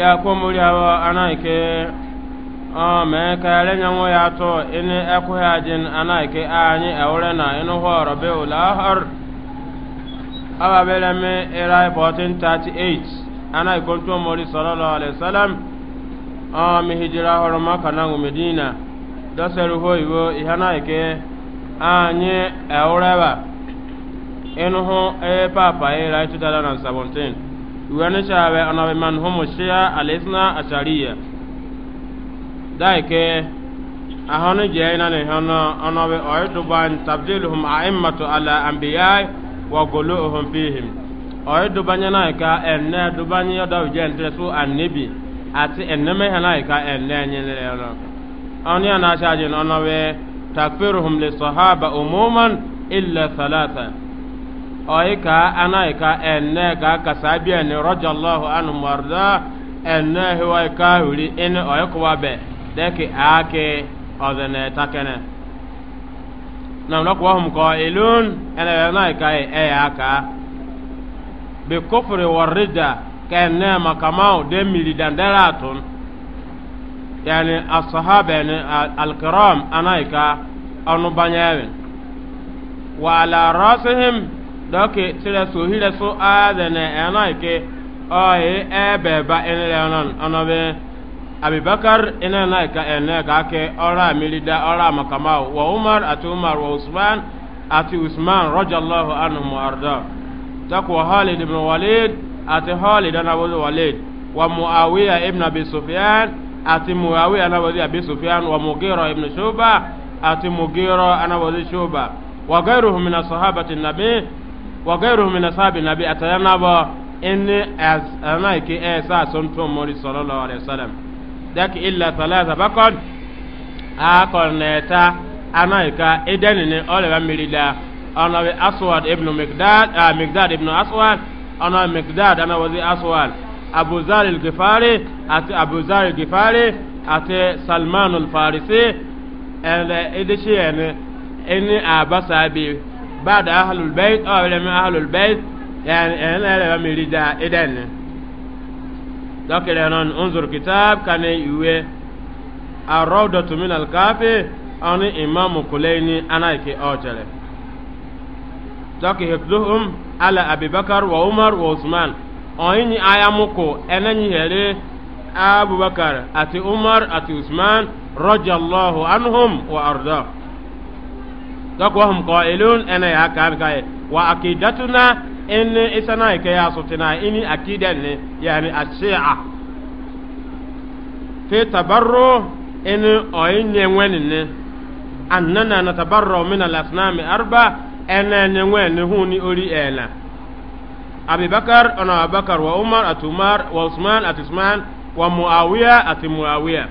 ya komori awo anaike ọ mee ka ya atụ ịnị ekwughị ajin anaike anyị ewere na ịnụhụ ọrọbe ụlọ ọhụrụ ababere mi ịrai 1438 anaike otu omori sọlọlọ alisalam ọ mi hijira ọhụrụ maka na medina dọsere ho iwo ihe anyị ewureba ịnụhụ ee papa ịrai e 2017 wani shawe ana man homo shia alisna ashariya dai ke ahonu jeina ne hono ana be oytu ban tabdiluhum a'immatu ala anbiya wa guluhum fihim oytu banyana ka enne dubanya da jente su annabi ati enne me hana ka enne nyele ono oni ana shaje ono takfiruhum li sahaba umuman illa thalatha oika anaika enne ga kasabi enne rajallahu anu marda enne hiwa ka huri ene oikuwa be deki ake ozene takene nam lokuwa hum qailun ene anaika e, e aka bi kofiri warida ka enne makamau de mili dandaratun yani asahaba ne alkiram anaika anu banyawin wa ala rasihim dɔke tirɛ so hirɛ so aadɛnɛ ɛnɔ ike ɔye ɛbɛba ɛnɛrɛ ɔnɔn ɔnɔbɛ abibakar ɛnɛ na ika ɛnɛ kake ɔra amirida ɔra amakama wa umar ati umar wa usman ati usman rɔjallahu anhum arda dɔk wa halid ibn walid ati halid anabodi walid wa muawiya ibn abi sufyan ati muawiya anabodi abi sufyan wa mugira ibn shuba ati mugira anabodi shuba wa gairuhu min ashabati nabi wa gairu min ashabi nabi atayana ba inni ana ke e sa sun to mori sallallahu alaihi wasallam dak illa thalatha bakon a korneta ana ka idan ne ole ba mirida ana bi aswad ibn miqdad a miqdad ibn aswad ana miqdad ana wazi aswad abu zar al-ghifari ati abu zar al-ghifari ati salman al-farisi ele uh, idishi ene ini abasabi بعد أهل البيت أو لم أهل البيت يعني أنا لما مريدا إدن لكن أنا أنظر كتاب كان يوي الروضة من الكافي أنا إمام كليني أنا كي أوتلي لكن هكذهم على أبي بكر وعمر وعثمان أيني أيامكو أنا هري أبو بكر أتي عمر أتي عثمان رضي الله عنهم وأرضاه dɔk wahum ilun ɛnɛ yaa kaan kaye wa akidatuna inni isana ike yaa sutina ini akida ni yani ashia fi tabarru ini oyi nyɛŋwɛni ni annana na tabarru min alasnami arba ɛnɛ nyɛŋwɛni huni ori ɛna abubakar ɔnɔ abubakar wa umar ati umar wa usman ati usman wa muawiya ati muawiya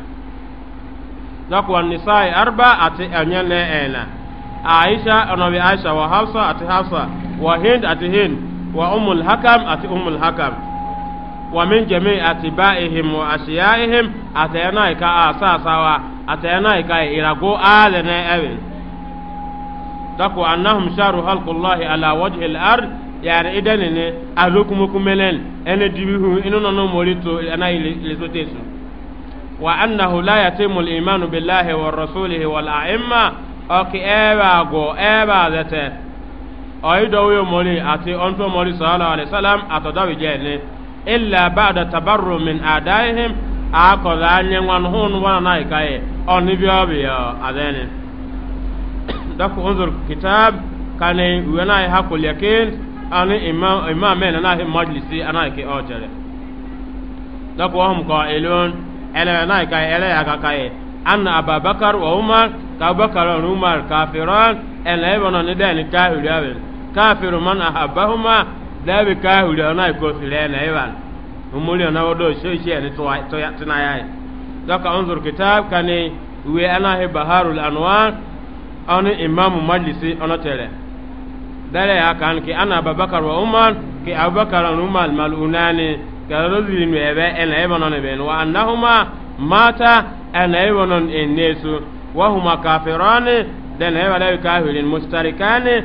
dɔk nisa'i arba ati ɛnyɛ ne aisha anabi aisha wa hafsa ati hafsa wa hind ati hind wa umul hakam ati umul hakam wa min jami ati ba'ihim wa ashiyaihim ati yana ika asasawa ati yana ika irago alene ewe dako annahum sharu halqullahi ala wajhi al-ard yani idani ne alukumukumelen ene dibihu inu nono morito ana ilisotesu wa annahu la yatimu al-imanu billahi wa rasulihi wal a'imma ọkị ebe agwụ ebe azete ọyịdọwụ omori àti ọ̀ntú omori sọ̀rọ̀ alẹ́sálàm àtọ̀dọ́wìjẹ́ ni ilẹ̀ bàdà tabarò min àdáyéhìm àkọ̀dà ányé wọn hún wọn náà ìkáyè ọ̀nibí ọ̀bìyọ̀ àdẹ́ni. dọ́kù unzur kitab kani ìwé náà yẹ hakul yakin ani imam ya anna ababakar wa umar ka abubakar wa umar kafiran ẹnlẹ ibọnà ní dẹni káhìrì ẹwẹ káfìrì mọ náà àbáhùmá dẹbi káhìrì ọ̀nà ìkọsílẹ̀ ẹnlẹ ibà omúlì ọ̀nà wọdọ ṣéṣe ẹni tọ́nayá yẹ. dọ́kà ọ̀nzọ̀rọ̀ kìtàb kani ìwé ẹnáhì baharu anwar ọ̀nà ìmáàmù májèlísì ọ̀nà tẹ̀lẹ̀. dẹ́rẹ̀ yà kàn kí anna ababakar wa umar kí abubakar wa umar malunani kẹlẹ́ lọ́sibiri nù ẹ̀bẹ̀ ẹnlẹ ibọnà níbẹ̀ ni wa anahuma mata ana iwanon ennesu wahuma kafirani dana yawa lawi kafirin mustarikani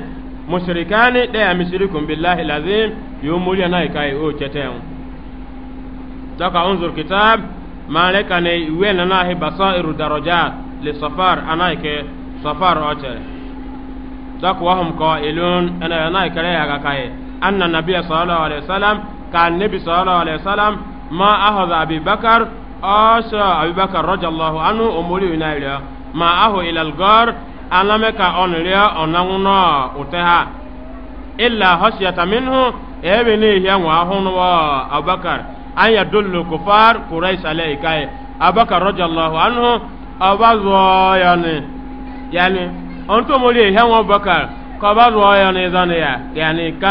mushrikani ɗaya misirikun billahi lazim yumuriya na ikai o ceten daga unzur kitab malaka ne iwe na nahi basairu daraja li safar ana ike safar ocere dak wahum qailun ana yana ikare ya gakai anna nabiyya sallallahu alaihi wasallam ka annabi sallallahu alaihi wasallam ma akhadha abi bakar ọsọ abubakar rọjallahu anu omori na rịọ ma ahụ ilalgọr aname ka ọ nrịọ ọnanwụ nọ ụte ha illa hosiyata minhu ebe na ihe nwa ahụ nwa abubakar an ya dullu kufar kurais alaikai abubakar rọjallahu anu ọba zụọ ya ni yani ọntụ omori ihe nwa abubakar ka ọba zụọ ya ni zani ya yani ka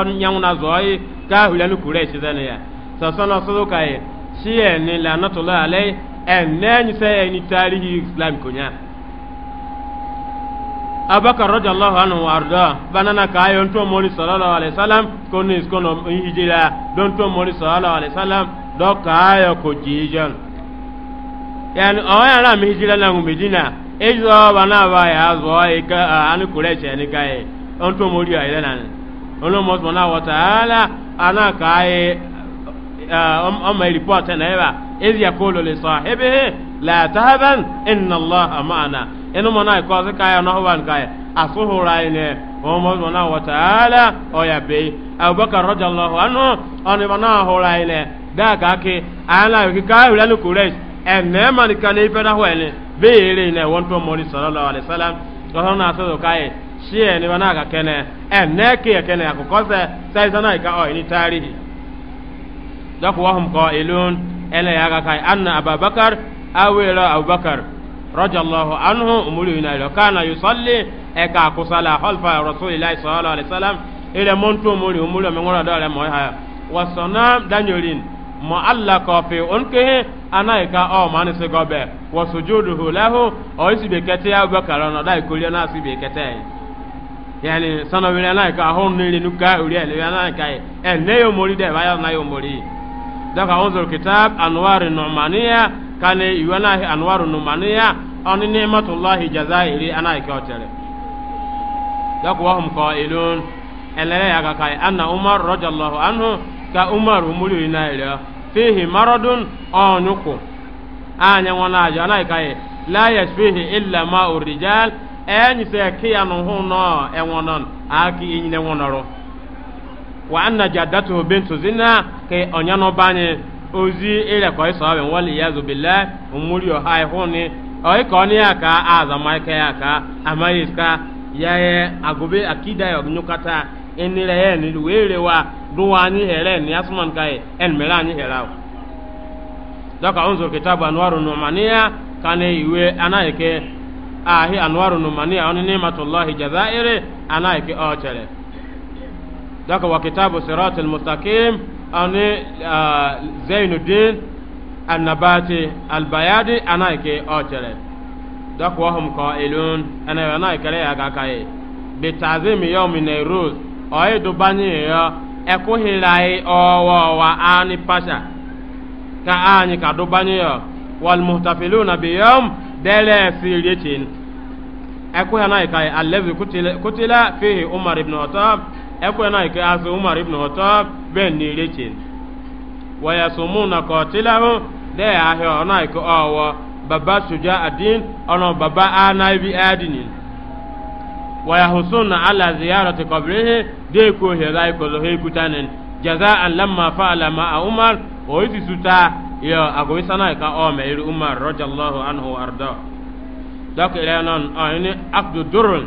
ọ nyanwụ na zụọ yi ka ahụ ya ni kurais zani ya sọsọ na sọsọ ka ya shi ene lanatullah alai ene ni sai e tarihi islam kunya abakar radiyallahu anhu warda banana ka ayon to mori sallallahu salam wasallam konni iskono don to mori sallallahu alaihi wasallam ka ayo ko jijan yani oya ra mi hijira na medina ejo bana ba ya zo e ka ọmọ report na eba ezi ya kolo le sọ ebe he la tahaban inna allah amana inu mọna ikọ si kaya na ọban kaya asuhura ne ọmọ mọna wataala ọya be abubakar rajallahu anu ọni mọna ahura ne daa kaake ana yi kaya wula ni kuresh ẹnẹ mani kan ife na hwa ne beere ne wọn tó mọri sallallahu alaihi wasallam ọsọ na asọ kaya shi ẹni mọna ka kene ẹnẹ kiyẹ kene akọkọ sẹ sẹ sanai ka ọ ni tarihi dɔk wahum qailun ɛlɛ yaga kai anna ababakar awira abubakar rajallahu anhu umuri yina ilo kana yusalli eka kusala halfa rasulillahi sallallahu alaihi wasallam ile montu umuri umuri mi ngora dole mo ha wasana danyorin mo alla ko fi onke ana eka o mani se gobe wasujuduhu lahu o isi be kete abubakar no dai kuri na si be kete yani sana wile na ka hon ni nuka uri ele na ka e ne yo mori de ba ya na yo mori daga unzur kitab anwar numaniya kane iwana anwar numaniya on ni'matullah jazairi ana ikyotere daga wahum qailun elele ya kai anna umar radiyallahu anhu ka umar umuri na ila fihi maradun anyuku anya wana aja ana kai la yashbihi illa ma'ur rijal enyi se kiyanu enwonon aki inyine wonoro wa anna jaddatuhu bintu zina ke onyano banye ozi ile kwa iso be wali yazu billah umuri o hay honi o ko ni aka azama ke aka ya yae agobe akida yo nyukata enire ye ni were wa duwani hele ni asman kai en melani helawo doka unzur kitabu anwaru numania kane iwe anaike ahi anwaru numania oni nimatullahi jazairi anaike ochere oh, daka wa kitabu sirat almustaqim ani zainuddin annabati albayadi anaike ochere daka wa hum qailun ana ana ikare aga kai bi ta'zim yawm nairuz oy do bani ya eku hilai owo wa ani pasha ka ani ka do bani ya wal muhtafiluna bi yawm dele siritin eku ana ikai allazi kutila kutila fihi umar ibn khattab ekwe na ike azu umar ibn khattab ben ni reche wa yasumuna qatilahu de ahe ona ike owo baba suja adin ona baba anaibi adinin wa yahusuna ala ziyarati qabrihi de ko he dai ko lo he kutanen jazaan lamma fa'ala ma umar o yiti suta yo agoy sana ka o me umar radiyallahu anhu arda dak ilanon ayni abdu durrun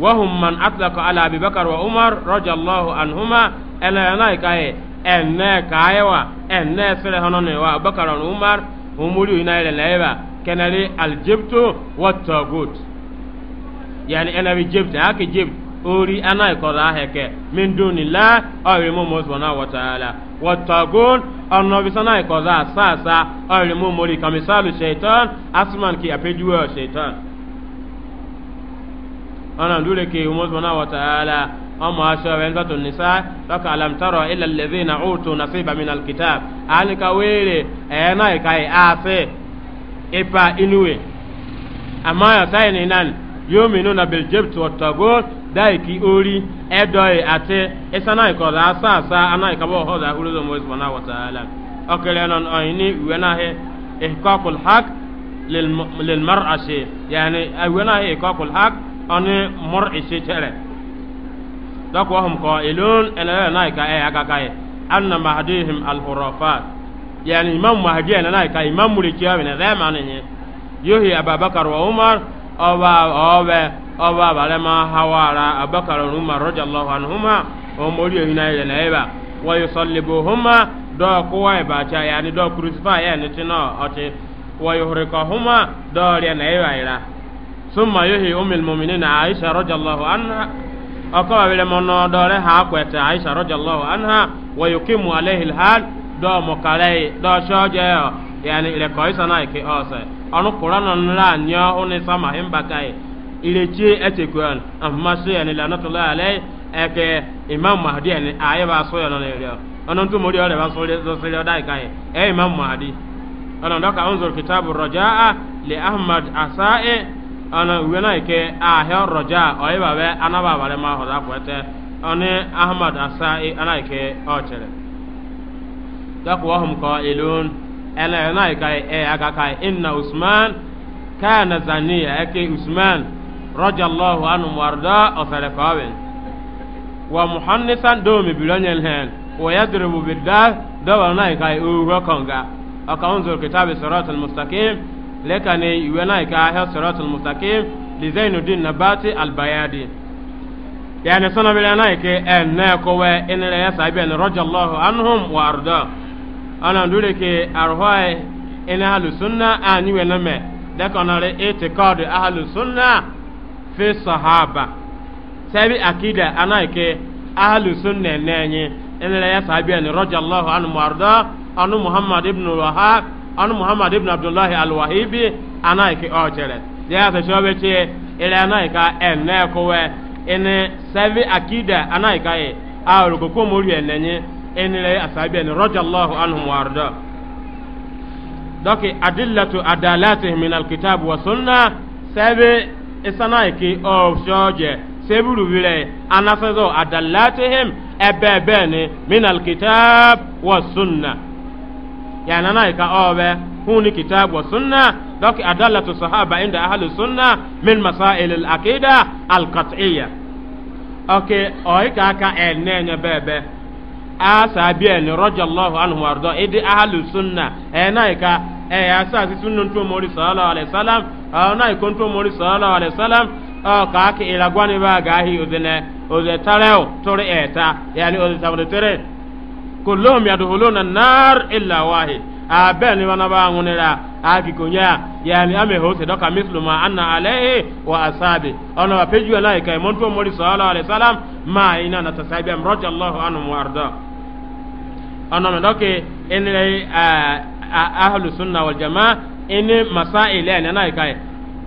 وهم من أطلق على أبي بكر وعمر رضي الله عنهما ألا ينايك أن كايوا أن سرهنون وبكر وعمر هم ينايل لعبا كان لي الجبت والتاغوت يعني أنا بجبت هاك جبت ori ana ikọla ahẹkẹ mindunila ọrìmọmọ sọnà wọtaala wọtagun ọnọbisana ikọla asaasa ọrìmọmọ rí kamisalu shaitan asuman kí apẹjuwe ọ shaitan. أنا دولك يوم سبحانه وتعالى أما أشوى بنزة النساء لك ألم ترى إلا الذين أوتوا نصيبا من الكتاب أنا ويلي أنا كاي آسي إبا إنوي أما يساين إنان يؤمنون بالجبت والطاغوت daiki ori ɛdɔyi ati isanayi أنا أنا anayi kabɔ hɔda ulodo mo isbana أنا ɔkele أنا ɔyini wɛnahi ihkɔkul hak lil mar'asi أنا wɛnahi ihkɔkul الحق ani mor isi tere dɔk wahum ko ilun elele nai ka e akaka ye anna mahdihim alhurafat yani imam mahdi ene nai ka imam muli kiyawe ne zema ni nye yuhi ababakar wa umar oba obe oba balema hawara abakar wa umar radiyallahu anhuma o mori yohi e na ile na eba wa yusallibuhuma do kuwa ibacha e yani do crucify yani e tino oti wa yuhrikahuma do ria na eba ira ثم يهي أم المؤمنين عائشة رضي الله عنها أقوى بلمن داره هاكوة عائشة رضي الله عنها ويقيم عليه الحال دو مكالي دو شوجة يعني إلى كويسة نايكي أوسى أنو قرآن لا نيو أني سما هم بكاي إلى شيء أتكوان أما شيء يعني لعنة الله عليه أك إمام مهدي يعني آية باسوي أنا نيريو أنا نتو مريو لباسوي لسوي دايكاي أي إمام مهدي أنا دوكا أنظر كتاب الرجاء لأحمد عسائي ana na ike ahia roja oiba we anaba bare ma hoda kwete ani ahmad asai ana ike ochere dak wa hum qailun ala ana ike e aga kai inna usman kana zaniya ake e, usman radiyallahu anhu warda asale kawin wa muhannisan do mi bilonyel hen wa yadrubu bidda dawa na ike uwe ro konga akawun zur kitab sirat mustaqim lekane iwena ka ha siratul mustaqim li zainuddin nabati albayadi yani sana bila na ke enne ko we inere ya sabi en radiyallahu anhum wa arda ana ndure ke arhoy ina halu sunna ani wena me da kanare itikad ahlu fi sahaba sabi akida ana ke ahlu sunna nenye inere ya sabi en radiyallahu anhum wa anu muhammad ibn wahab anu muhammad ibn abdullahi alwahibi anaike ɔkyerɛ deɛ asɛ sɛ ɔbɛkyeɛ ɛlɛ anaika ɛnɛ kowɛ ɛne sɛvi akida anaika yɛ e, a ɔrokoko mori ɛnɛnye ɛne lɛ asaabi ɛne rɔdya allahu anhu muarda dɔki adillatu adalatihim min alkitab wa sunna sɛvi isanaike ɔsɔɔgyɛ seburu wirɛ anasɛzɔ adalatihim ɛbɛɛbɛɛ ne min alkitab wa sunna yana na ka obe huni kitab wa sunna dok adallatu sahaba inda ahli sunna min masail al aqida al qat'iyya okay oy ka ka enenye bebe asabi en radiyallahu anhu warda idi ahli sunna enai ka e asa si sunna to mori sallallahu alaihi wasallam onai kon to mori sallallahu alaihi wasallam o ka ka ila gwani ba gahi udene o tareo tore eta yani o ze tere kulluhum yadkhuluna an-nar illa wahid abel ni wana ba ngunira aki kunya yani ame hose doka mislu ma anna alayhi wa asabi ona wa peju na ikai monto mori sallallahu alaihi wasallam ma ina na tasabi am radiyallahu anhu wa arda ona me doke enle ahlu sunna wal jamaa ene masail ene na ikai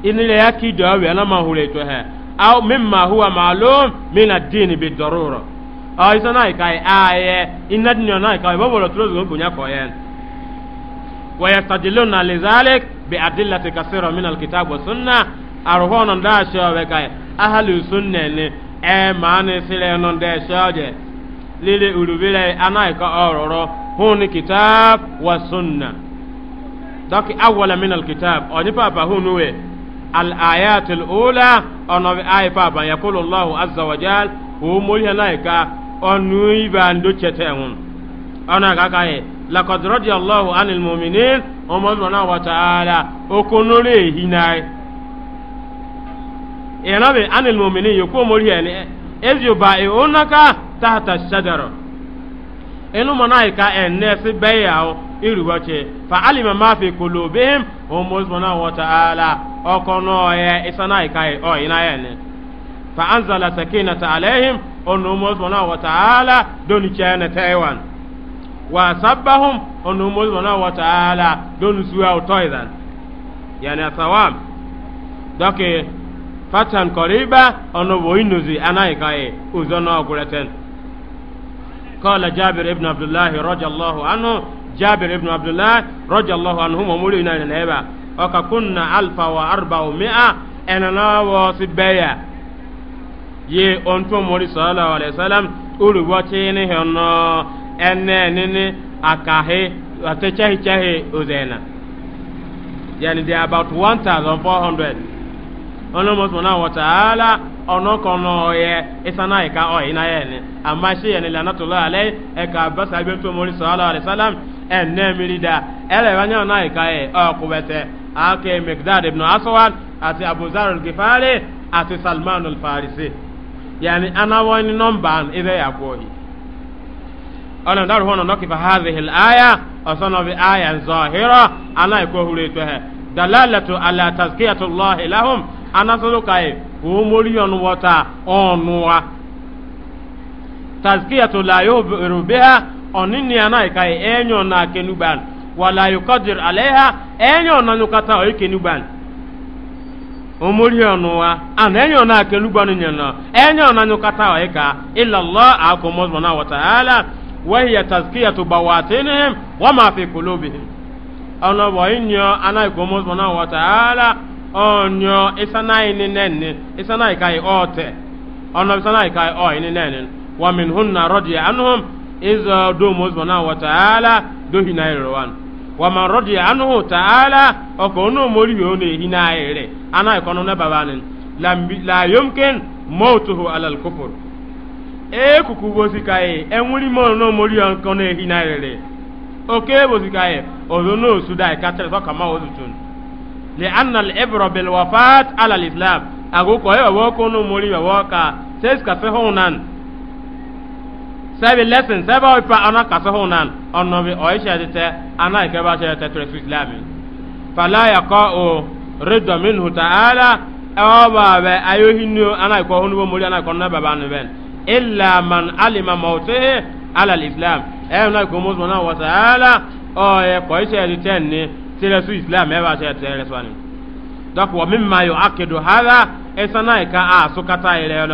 enle yaki dawe na mahule to he au mimma huwa ma'lum min ad-din bi darura ọyịsọ náà ìka yẹ ayẹ iná dìnyọ náà ìka yẹ bọ́bọ̀lọ̀ tó lóṣù gbònyà kọ̀ yẹ. wọ́yẹ sàdìlò nà lèzálẹ̀ bí àdìlà ti kàṣírọ̀ mí nà kìtà gbọ̀ sunna àrùhọ́ nà dá aṣọ ọ̀bẹ ká yẹ ahàlù sunna ni ẹ màá ní sílẹ̀ nà dá aṣọ ọ̀jẹ̀ lílẹ̀ olùbílẹ̀ aná ìka ọ̀rọ̀rọ̀ hún ní kìtà wà sunna. dọ́kì awọlẹ̀ mí nà kìtà ọ̀nyí pàpà hún níwẹ̀ al ula ọ̀nà ayé pàpà yẹ kúlù allahu azza wa jaal wò ó mórí onu ibando chete ngun ona kaka ye laqad radiyallahu anil mu'minin umma subhanahu wa ta'ala okunure hinai elabe anil mu'minin yoko mori ene ezio ba e onaka tahta shajara enu manaika enne si beya o irubache fa alima ma fi qulubihim umma wata wa ta'ala okono ye isanaika e o ya ene fa anzala sakinata alaihim ono mo subhanahu wa ta'ala doni chene taiwan wa sabbahum ono mo subhanahu wa ta'ala doni suwa utoidan yani asawam doke fatan koriba ono bo inuzi anai kai uzono ogureten قال جابر ابن عبد الله رضي الله عنه جابر ابن عبد الله رضي الله عنهما مولينا الهبة وككنا ألف وأربعمائة أنا ناوى سبايا ye on mori sallallahu alaihi wasallam uru wati ni hono enne nini akahe ate chahi chahi uzena yani they about 1400 ono mo wa taala ono kono ye isana ka o ina ye ni amma shi yani lanatullah alai e ka basa be to mori sallallahu alaihi wasallam enne mirida ele wanya na ka e o kubete ake mikdad ibn aswad ati abu zar al-gifari ati salman al-farisi yani ana wani nomban ibe ya na ona daru hono noki fa hadhihi al-aya asana bi aya zahira ana ko hure to he dalalatu ala tazkiyatu allah lahum ana sulu kai wo mori on wata onwa tazkiyatu la yubiru biha onini ana kai enyo na kenuban wala yuqadir enyo na omori ọnụwa ana enyo na akelugbanụ nyena enyo na nyụkata ọịka ilallah akụ mọzmọna wataala wahiya tazkiyatu bawatinihim wama fi kulubihim ọnụ bụ ala anaghịkwa mọzmọna wataala onyo isanaghị ninenni isanaghị ka ọte ọnụ isanaghị ka ọyị ninenni na hunna rọdịya anụhụm ịzọ do mọzmọna ala dohi na irowanụ wama rodi anhu ta'ala oko no mori yo ne hina ere ana ikono na babanin la yumkin mautuhu alal kufur e kuku bosika e enwuri mo no mori yo nkan ne hina ere oke bosika e ozo no suda e katere so kama ozutun li anna al ibra bil wafat ala al islam ago ko e wo ko no mori yo wo ka ses ka fe honan sɛbi lɛsin sɛbi awo pa ana kasa ho nan ɔnɔ bi ɔyɛ hyɛ de tɛ ana yi kɛ ba hyɛ de tɛ tɛrɛ fi filami fala yɛ kɔ o ridɔ min hu taala ɛwɔ ba bɛ ayo hinu ana yi kɔ hunu bɔ mori ana yi kɔ nuna baba nu bɛn illa man alima mɔte ala islam ɛyɛ e, na yi kɔ musu na wa taala ɔyɛ kɔyɛ hyɛ de tɛ ni tɛrɛ su islam ɛyɛ e ba hyɛ de tɛrɛ sɔni dɔk wa min ma yɔ akidu hada ɛsɛ e na yi ka a so yɛrɛ yɛ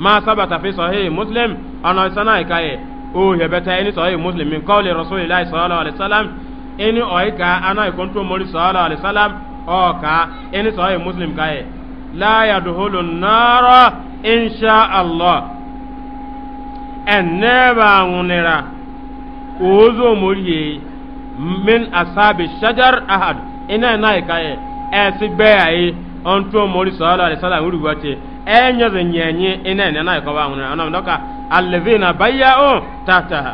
ما ثبت في صحيح مسلم أنا سنا إكاية أو يبتا إني صحيح مسلم من قول رسول الله صلى الله عليه وسلم إني أويكا أنا كنت مولي صلى الله عليه وسلم أو كا إني صحيح مسلم كاية لا يدخل النار إن شاء الله أنبا منيرا أوزو مولي من أصحاب الشجر أحد إنا نايكاية أسبعي أنتم مولي صلى الله عليه وسلم ورغوتي enyo ze nyenye ina na ko ba ngona ndoka allazina bay'u tahtaha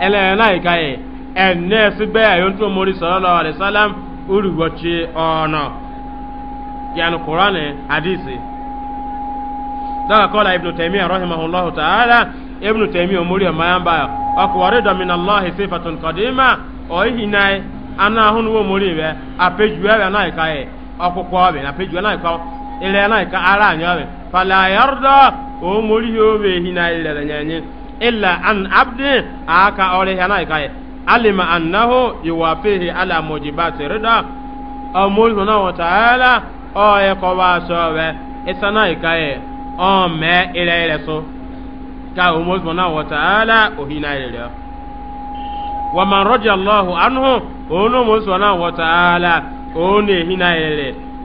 ele na ikaye enne sibe ayo ntu mori sallallahu alaihi wasallam urugochi ono yani qur'ani hadisi daga kola ibnu taymiya rahimahullahu ta'ala ibnu taymiya omori mayamba akwarido min allahi sifatun qadima ana hunu mori be na na na ile na ka ara anyo be fala yarda o mori ho be hina ile le nyenye an abdi aka ore hana ka alima annahu yuwafihi ala mujibati rida o na wa taala o e ko ba so be isana ka na wa taala o hina ile le wa man radiyallahu anhu onu na wa taala onu hina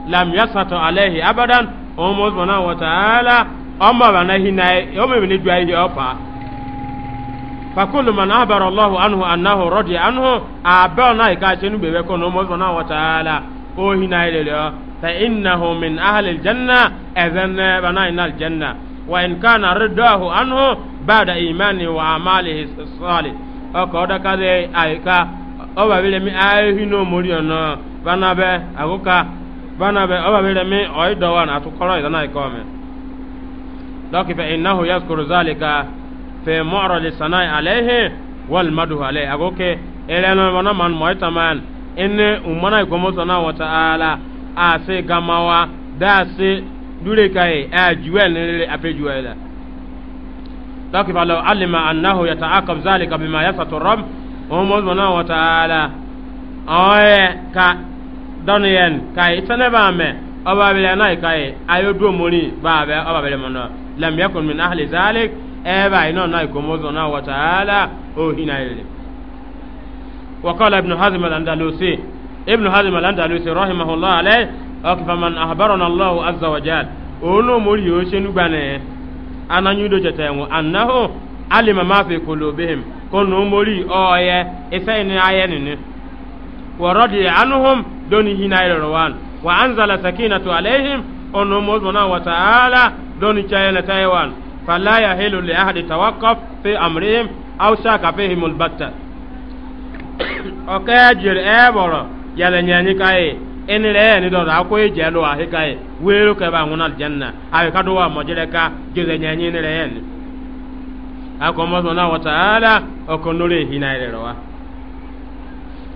lam yasatu alayhi abadan ọmọ subhanahu wa ta'ala ọmọ bana hinaye ọmọ ibi ni du ayi ọpa fakulu man abara allahu anhu annahu rọdi anhu abẹ́ọ̀ náà ìka àti ẹnubẹ̀ bẹ́ẹ̀ kọ́ ní ọmọ subhanahu wa ta'ala ó hinaye lẹ́lẹ́ ọ fa innahu min ahli aljanna ẹ̀zẹ̀n náà bana hina aljanna wa in kana ridahu anhu ba'da imani wa amalihi salih ọkọ̀ ọ̀dọ́ kadẹ́ àyíká ọba bi lẹ́mi ayé hinú mọ́rí ọ̀nà bana bẹ́ àgùkà bana be oba bere mi oyi dowan atukoro idana ikome doki fe innahu yazkuru zalika fe mu'rali sanai alayhi wal madu alayhi agoke eleno wana man moita man inne umana ikomo sana wa ta'ala ase gamawa dase dure kai ajuwe nile apejuwe la doki fa law alima annahu yata'aqab zalika bima yasatu rabb umu wa ta'ala oye ka dɔnni yɛn k'a ye sɛnɛ b'a mɛ ɔba bɛlɛ n'a ye k'a a y'o don mori b'a bɛ ɔba bɛlɛ mɔnɔ lamiya kɔni bɛ n'ahali zaale ɛɛ b'a ye n'o n'a ye ko mɔzɔn n'a wata ala o hinɛ yɛlɛ wa kɔla ibnu hazim alandalusi ibnu hazim alandalusi rahimahulah ale ɔkifaman ahabarona allahu azza wa jaal o n'o mori y'o senu gbanɛ ananyu do jɛtɛ ŋo anahu alima maa fi kolobihim ko n'o mori ɔɔyɛ isɛ ni ayɛ nini wɔrɔ di anuhum. doni hina ilo wan wa anzala sakinatu alaihim ono mozmona wa ta'ala doni chayela taiwan fala yahilu li ahadi tawaqqaf fi amrihim aw shaka fihim albatta okay jir eboro yala nyani kai en re ni do da ko je lo ahi kai wero ke ba ngunal janna ay ka do wa mojere ka jire nyani ni re en akomo zona wa ta'ala okonore hina ilo wa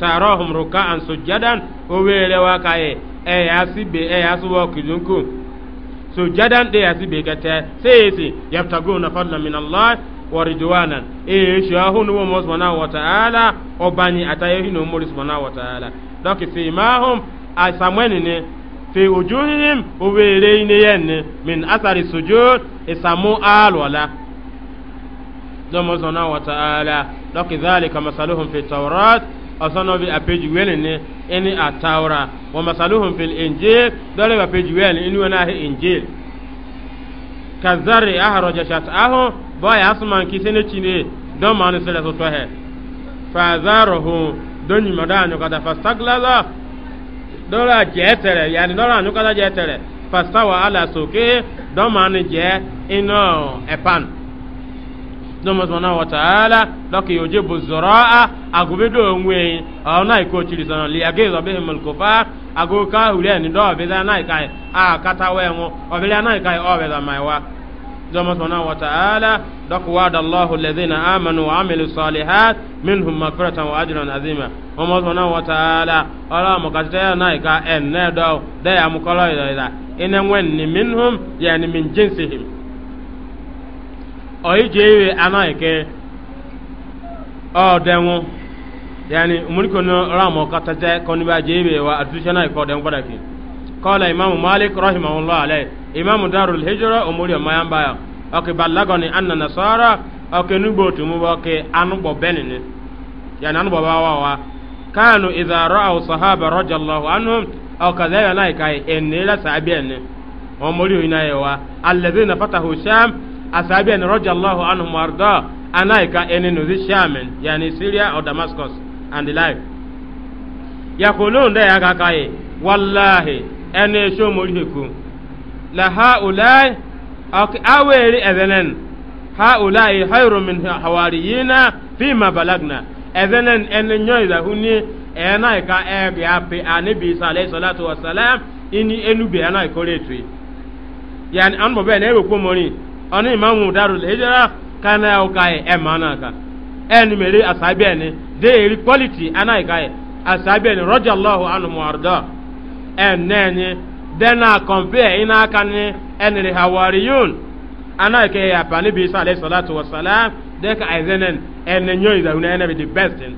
tarahum ruka'an sujadan o wele wa kaye e eh, ya sibe e eh, ya suwa kidunku sujadan de ya sibe kete seyesi yabtaguna fadlan min Allah wa ridwanan e eh, shahu nu mo subhanahu wa ta'ala o bani ataye hinu mo subhanahu wa ta'ala doki fi mahum asamweni ne fi wujuhihim o wele ine yenne min athari sujud isamu alwala domo subhanahu wa ta'ala doki dhalika masaluhum fi tawrat osono bi apeji wele ne eni atawra wa masaluhum fil injil dole ba peji wele inu na he injil kazari ahraja shat'ahu boya asman kisene chine don manu sele so tohe fa zarahu doni madanyo kada fastaglala dora jetere yani dora nyu kada jetere fastawa ala soke don manu je ino epan nomo sona wa taala laki yujibu zuraa agubido ngwe ona iko chiri sana li agezo bihi mulkufa ago ka hule ni do be da nai kai a kata wengo obele nai kai obe da maiwa nomo sona wa taala dak wa'ada Allahu alladhina amanu wa amilu salihat minhum maghfiratan wa ajran azima nomo sona wa taala ala mukataya nai ka enne do de amukolo ida ina wen ni minhum yani min jinsihim oije iwe ana ike ọdenwu yani umuriko no ramo katata koniba jebe wa atushana iko den kwadaki qala imam malik rahimahullah alay imam darul hijra umuri mayamba ya oke balagoni anna nasara oke nubotu mu oke anubo benini yani anubo bawa wa kanu idha ra'aw sahaba radiyallahu anhum aw kadhalika kai enela sabiyane umuri inayewa alladhina fatahu sham asabi ẹni rọjà allahu anhu mọ̀ọ́dọ́ anáìka ẹni nùzí sàmìn yàní syria or damascus and the like. yakulun dẹ́ yàgà káyé wàláhì ẹni ẹ̀ṣọ́ mọ̀ríhìkù làhà ulai awéèrè ẹ̀dẹ́nẹ́n ha ulai hayru min hawariyina fi ma balagna ẹ̀dẹ́nẹ́n ẹni nyọ́ ìdàhú ní ẹ̀ẹ́náìka ẹ̀ẹ́bì àpè àníbi sàlẹ̀ sọ̀látù wàsálàm ìní ẹnubì ẹ̀ẹ́náìkórè tù yàní àwọn bàbá ẹ̀ náà ẹ̀rọ kó mọ́rin. ɔne imamu darul hijira kana ya ukaye e na ka ɛni e meri asabi ɛni e de eri quality ana ikaye asabi ɛni rɔja allahu anu muwarda ɛnɛni dɛna compare ina aka ni ɛniri hawariyun ana ikaye apani bi isa ale salatu wa salam de ka aizenen ɛni nyo izahuna ɛni bi the best in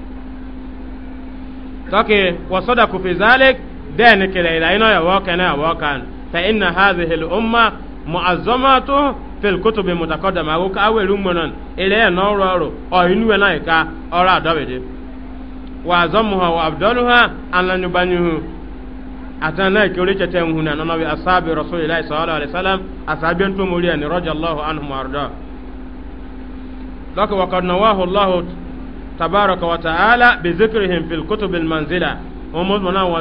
tɔki wasoda kufi zalik dɛni kele ila ina ya wɔkɛnɛ ya wɔkan fa inna hadhihi al umma mu'azzamatun fil kutubi mutakọdama awo ka awere umenon ilẹ̀ n'ọrụ ọrụ ọ̀yìnúwe náà ka ọrụ àdọ́bìdì wà zọmùhà wà abdọ́lùhà alányúbányúhù àtàn náà kí oríṣẹ́tẹ̀ ń hunà nọ́nà bí asábì rasul ilẹ̀ sọ́ọ́lá alẹ́sálàm asábì ń tó mórí ẹni rọ́jà allahu anhu mardọ́ lọ́kọ̀ wakọ̀ náà wà hùlọ́hù tabaraka wa ta'ala bi zikrihim fil kutubi manzila wọn mọ̀ náà wa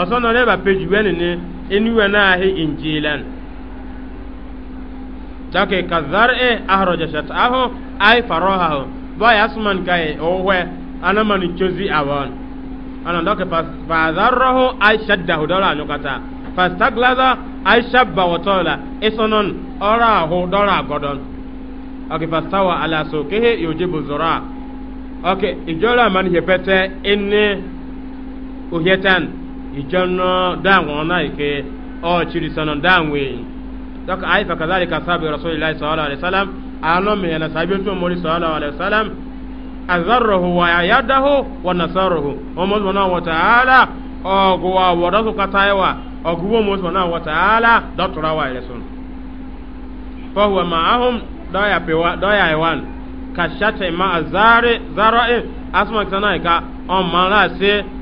ọsọ nọ n'ebe peji wenu ni enuwe n'ahị injilan dake ka zar'e ahroja shat'ahu ha farahahu ba yasman kai e ohwe anamani chozi awon ana dake fa zarrahu ay shaddahu dola nyukata fastaglaza ay shabba watola isonon ora ahu dola godon oke fastawa ala so sokehe yujibu zura oke ijola man hepete inni uhyetan ijanno dango na ike o chiri sanon dangwe dok ay fa kadhalika sabi rasulillahi sallallahu alaihi wasallam ano me na sabi to mori sallallahu alaihi wasallam azarruhu wa yadahu wa nasaruhu o mo subhanahu wa ta'ala o guwa wodo su kataiwa o guwa mo subhanahu wa ta'ala dotura wa ilesun fa huwa ma'ahum daya pewa daya iwan kashate ma azare zara'i asma kana ka on mala se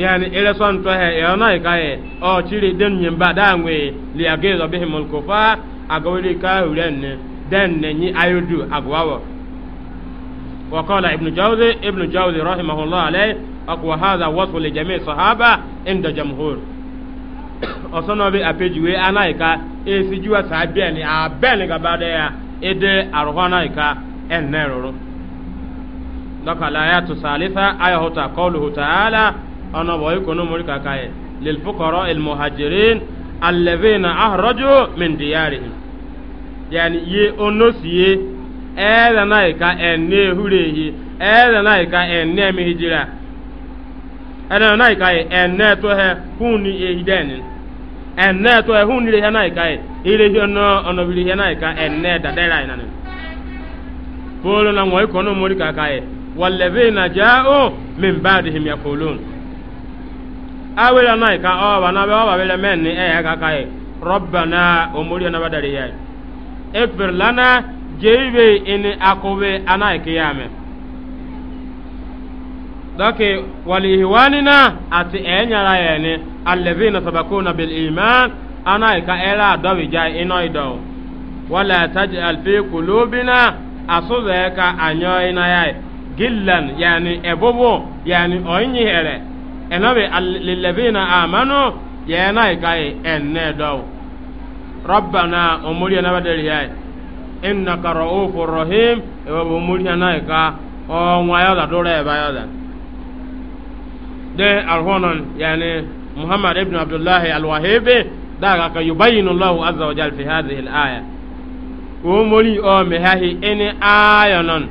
yani ere son to he e ona ka e o chiri den nyimba da nwe li agezo bihi mulku den ne nyi ayudu agwawo wa qala ibn jawzi ibn jawzi rahimahullah alayhi akwa hadha wasfu li jami' sahaba inda jamhur apejiwe e ana boy kono mori kakaye lil fuqara al muhajirin alladhina ahraju min diyarihim yani ye onosiye ɛɛla na ka ɛnne hurehi ɛɛla na ka ɛnne mi hijira ɛɛla na ka ɛnne to hɛ huni ehidɛni ɛnne to hɛ huni rehi na ka irehi ɔnɔ ɔnɔbiri hɛ na ka ɛnne dadɛra ɛnani polo na ŋɔyi kɔnɔ mori kakaye walladhina ja'u min ba'dihim yaqulun awela nai ka oba na be oba bele men ni e ka kai rabbana umuri na badari yai ifir lana jeibe ini akobe anai kiyame dake walihwanina ati enyara yene alladhina sabakuna bil iman anai ka era dawi jai inoi do wala taj'al fi qulubina asubaka anyoina yai gillan yani ebobo yani onyihere enabe lilladhina amanu yana kai enne daw rabbana umuri na badari yayi innaka raufur rahim wa umuri na ka o nwaya da dole ba ya da de alhonon yani muhammad ibn abdullah alwahibi daga ka yubayinu allah azza wa jalla fi hadhihi alaya umuri o mehahi ini ayanon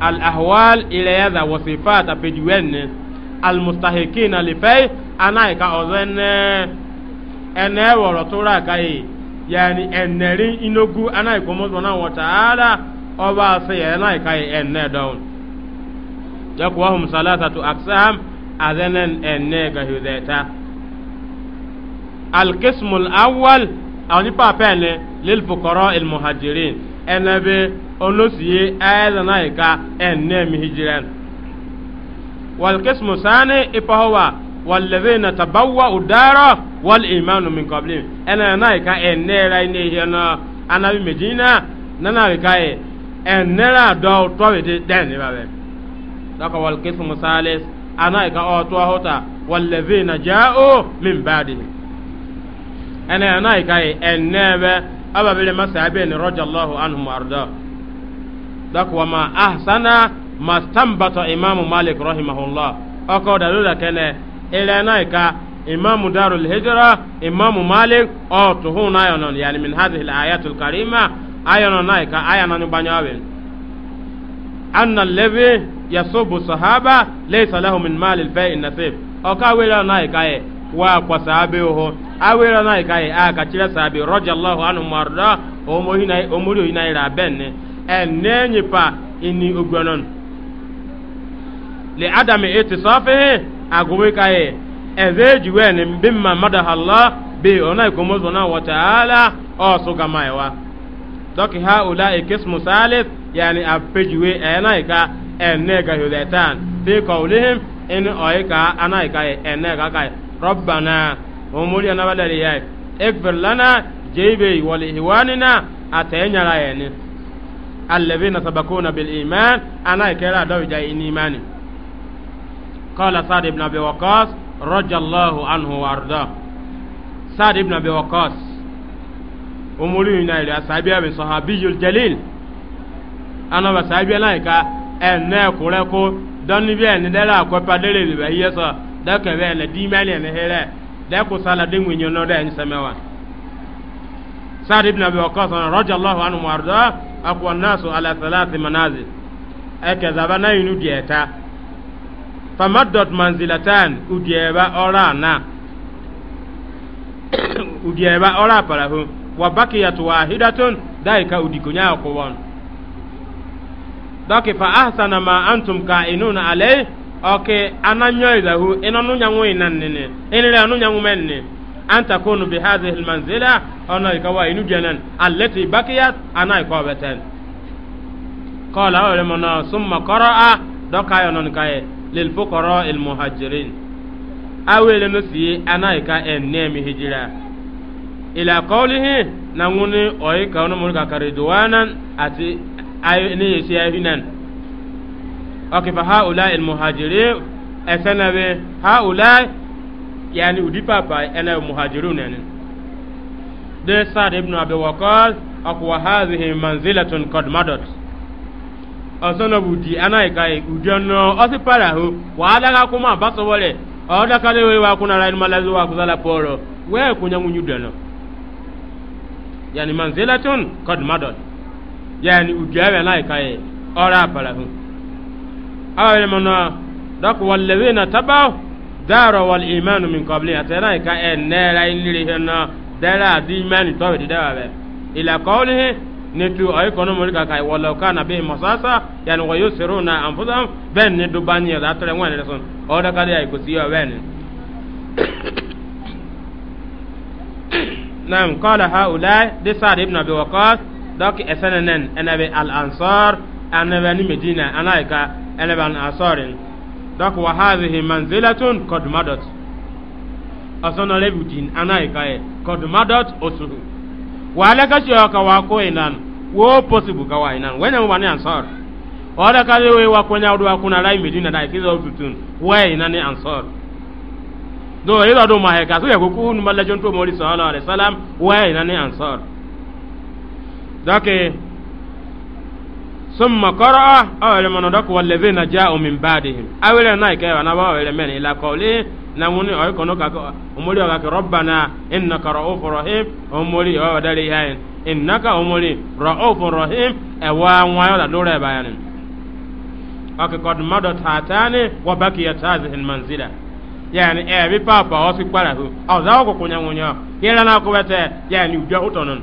al ahwal ila yadha wasifat apejuenne almustahikina lifai ana ka ozenne ene woro tura kai yani eneri inogu ana ko mo zona wa taala oba se yana kai enne down yakwa hum salatatu aqsam adenen enne ga hudeta القسم الأول أو نبا بين للفقراء المهاجرين أنا بي أنوسي أيضا نايكا أنمي هجران والقسم ثاني إبهوا والذين تبوأوا الدار والإيمان من قبلهم أنا نايكا إنيرا إنيهنا أنا بمدينة ننايكا إنيرا دو طويت دين بابا لك والقسم الثالث أنا إكا أوتوا هوتا والذين جاءوا من بعدهم أنا نايكا إنيرا أبا بلما سابين رضي الله عنهم وأرضاه لك وما أحسن mastambata imamu malik rahimahullah oko dalula kene ile naika imamu darul hijra imamu malik o tuhu nayonon yani min hadhihi alayat alkarima ayonon naika ayanan banyawen anna alladhi yasubu sahaba laysa lahu min mali albai nasib oka wela naika ye wa kwa sahabe ho awela naika ye aka chira sahabe radiyallahu anhu marda omo hina omo hina ira benne en ini ogbonon li adami itisafihi agobe kaye eze juwe ni bimma madaha bi ona ikomo zona wa ta'ala o so gama ewa doki ha ula ikismu salis yani apejuwe ena ika ene ga yudetan fi qawlihim in oika ana ika ene ga kai rabbana umuri ana balari yai اغفر لنا جيبي ولإخواننا أتينا لأيني الذين سبقونا بالإيمان أنا كلا دوجة إيماني قال سعد بن أبي وقاص رضي الله عنه وأرضاه سعد بن أبي وقاص أمولينا إلى أصحابي من صحابي الجليل أنا وصحابي نايكا أنا كوريكو دوني بيان ندلا كوبا دليل بيسا دكا بيان ديمالي نهلا دكو سالا دين وينيونو دين سماوا سعد بن أبي وقاص رضي الله عنه وأرضاه أقوى الناس على ثلاث منازل أكذا بنا ينودي أتا famadot manzilatan udieba ora na udieba ora parahu wa bakiyat wahidatun daika udikonya ko won doki fa ahsana ma antum kainuna alai oke ananyo ilahu inonu nyanwu inannene inire anu nyanwu menne an takunu bi hadhihi almanzila ona ikawa inu janan allati bakiyat ana ikawatan qala ulama summa qaraa doka yonon kae للفقراء المهاجرين awele no sie ana ika enne mi hijira ila qawlihi nanguni oyi ka ono mulka karidwanan ati ayi ne yesi ayinan okay fa haula al muhajirin asanabe haula yani udipapa ena muhajirun yani de sa'd ibn abi waqas akwa hadhihi manzilatun qad madat ọsọnọ bụ di anaghị ka ụdị ọnụ ọsị para wa adaghị ma basọwọlị ọ dakara ewe wa akwụ nara ịmalazi wa akwụzala pọrọ wee kwụnye nwunye udọnọ ni manzilatun kod madon yani ahụ anaghị ka ọrụ apara ahụ awere m dọkụ walewe na taba daro wal imanu min ka dara dawa netu ay kono mo ka kai wala kana be masasa yani wa yusiruna anfusahum ben ne dubani ya zatare ngwan ne son o da kali ay ko siya ben nam qala haula de sa'd ibn abi waqas dak esananen enabe al ansar enabe ni medina anaika enabe al ansarin dak wa hadhihi manzilatun qad madat asana lebudin anaika e, qad madat usuhu wala ka shiwa ka wa ko inan wo possible ka wa inan wena mo bani ansar wala ka le wa ko nya do kuna lai medina dai kizo tutun wa inan ansar do ila do ma he ka so ya ko kun malla jonto mo sallallahu alaihi wasallam wa inan ansar dake ثم قرأ أول من ذاك والذين جاءوا من بعدهم أولا نايك أنا بقول من إلى قوله namuni oy kono ka umuri o ka rabbana innaka raufur rahim umuri o dali hayin innaka umuri raufur rahim e wa wa la dore bayanin aka kod mado tatane wa bakiyat hadhihi ya yani e bi papa o si para hu o za ko kunya munya yela na ko bete yani uja utonon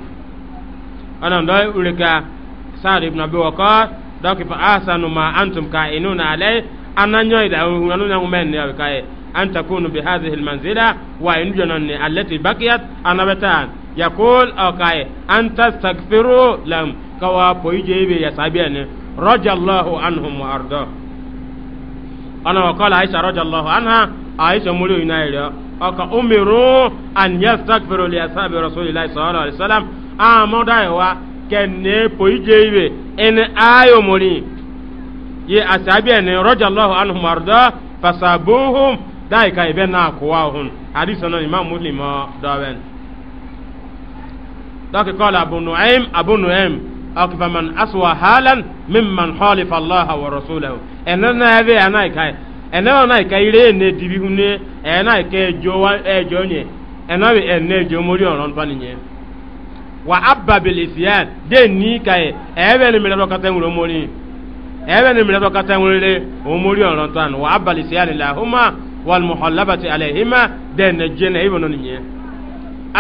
ana ndo ulika sa'd ibn abi waqas doki fa ahsanu ma antum ka'inuna alai ananyo ida hu anu nyangu men ne kai أن تكون بهذه المنزلة وإن جنن التي بقيت أنا بتان يقول أوكاي أن تستغفروا لهم كوا بي يسابيني رجى الله عنهم وأرضاه أنا وقال عائشة رجى الله عنها عائشة مولو ينايريا أكا أمروا أن يستغفروا لأصحاب رسول الله صلى الله عليه وسلم أما دايوا كني بي إن آيو مولي يا أصحابي رجى الله عنهم وأرضاه فصابوهم dai ka ibe na kuwa hun hadith no imam muslim dawen dok qala abu nu'aym abu nu'aym akifa man aswa halan mimman khalifa allah wa rasulahu enana ebe anai kai enana nai kai re ne dibi hunne enai kai jo wa e jo nye enabi enne jo mori oron paninye wa abba bil isyan de ni kai e, e ebe ni mi ro kata mori e ebe ni mi ro kata re o mori tan wa abba lisyan lahuma والمحلبة عليهما دين الجن ابن نيه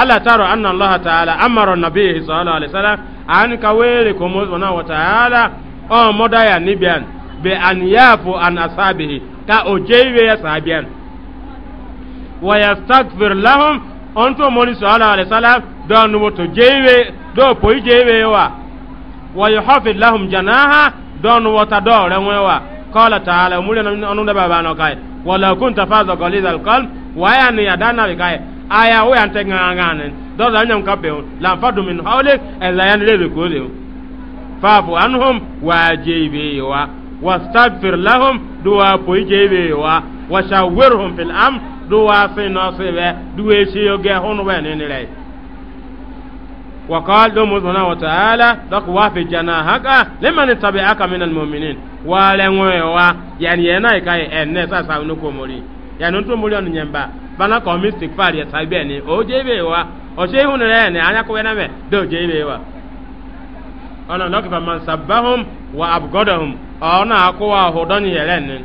ألا ترى أن الله تعالى أمر النبي صلى الله عليه وسلم أن كويلكم سبحانه وتعالى أو مدايا نبيان بأن يافو عن أصحابه كأجيب أصحابيان ويستغفر لهم أنتم مولي صلى الله عليه وسلم دون وتجيب دو بوي جيب ويحفظ لهم جناها دون وتدور ويوا qala ta'ala umuri na anu da baba no kai wala kunta fadha qaliz al qalb wa ya ni adana bi kai aya wo ya tenga ngane do da nyam ka be la fadu min hawli illa yan le ko le fafu anhum wa jibi wa lahum duwa po jibi wa washawirhum fil am duwa fi nasibe duwe shi yoge hunu ba ne ne rai وقال دوم سبحانه وتعالى دق وافي جناحك لمن تبعك من المؤمنين wale ngwewa yani yana ikai enne sasa unuko muri yani untu muri onu nyemba bana ko mystic far ya sabeni ojebewa oje hunere ne anya ko wename do jebewa ona loki fa man sabbahum wa abgadahum ona akwa hodoni yelenne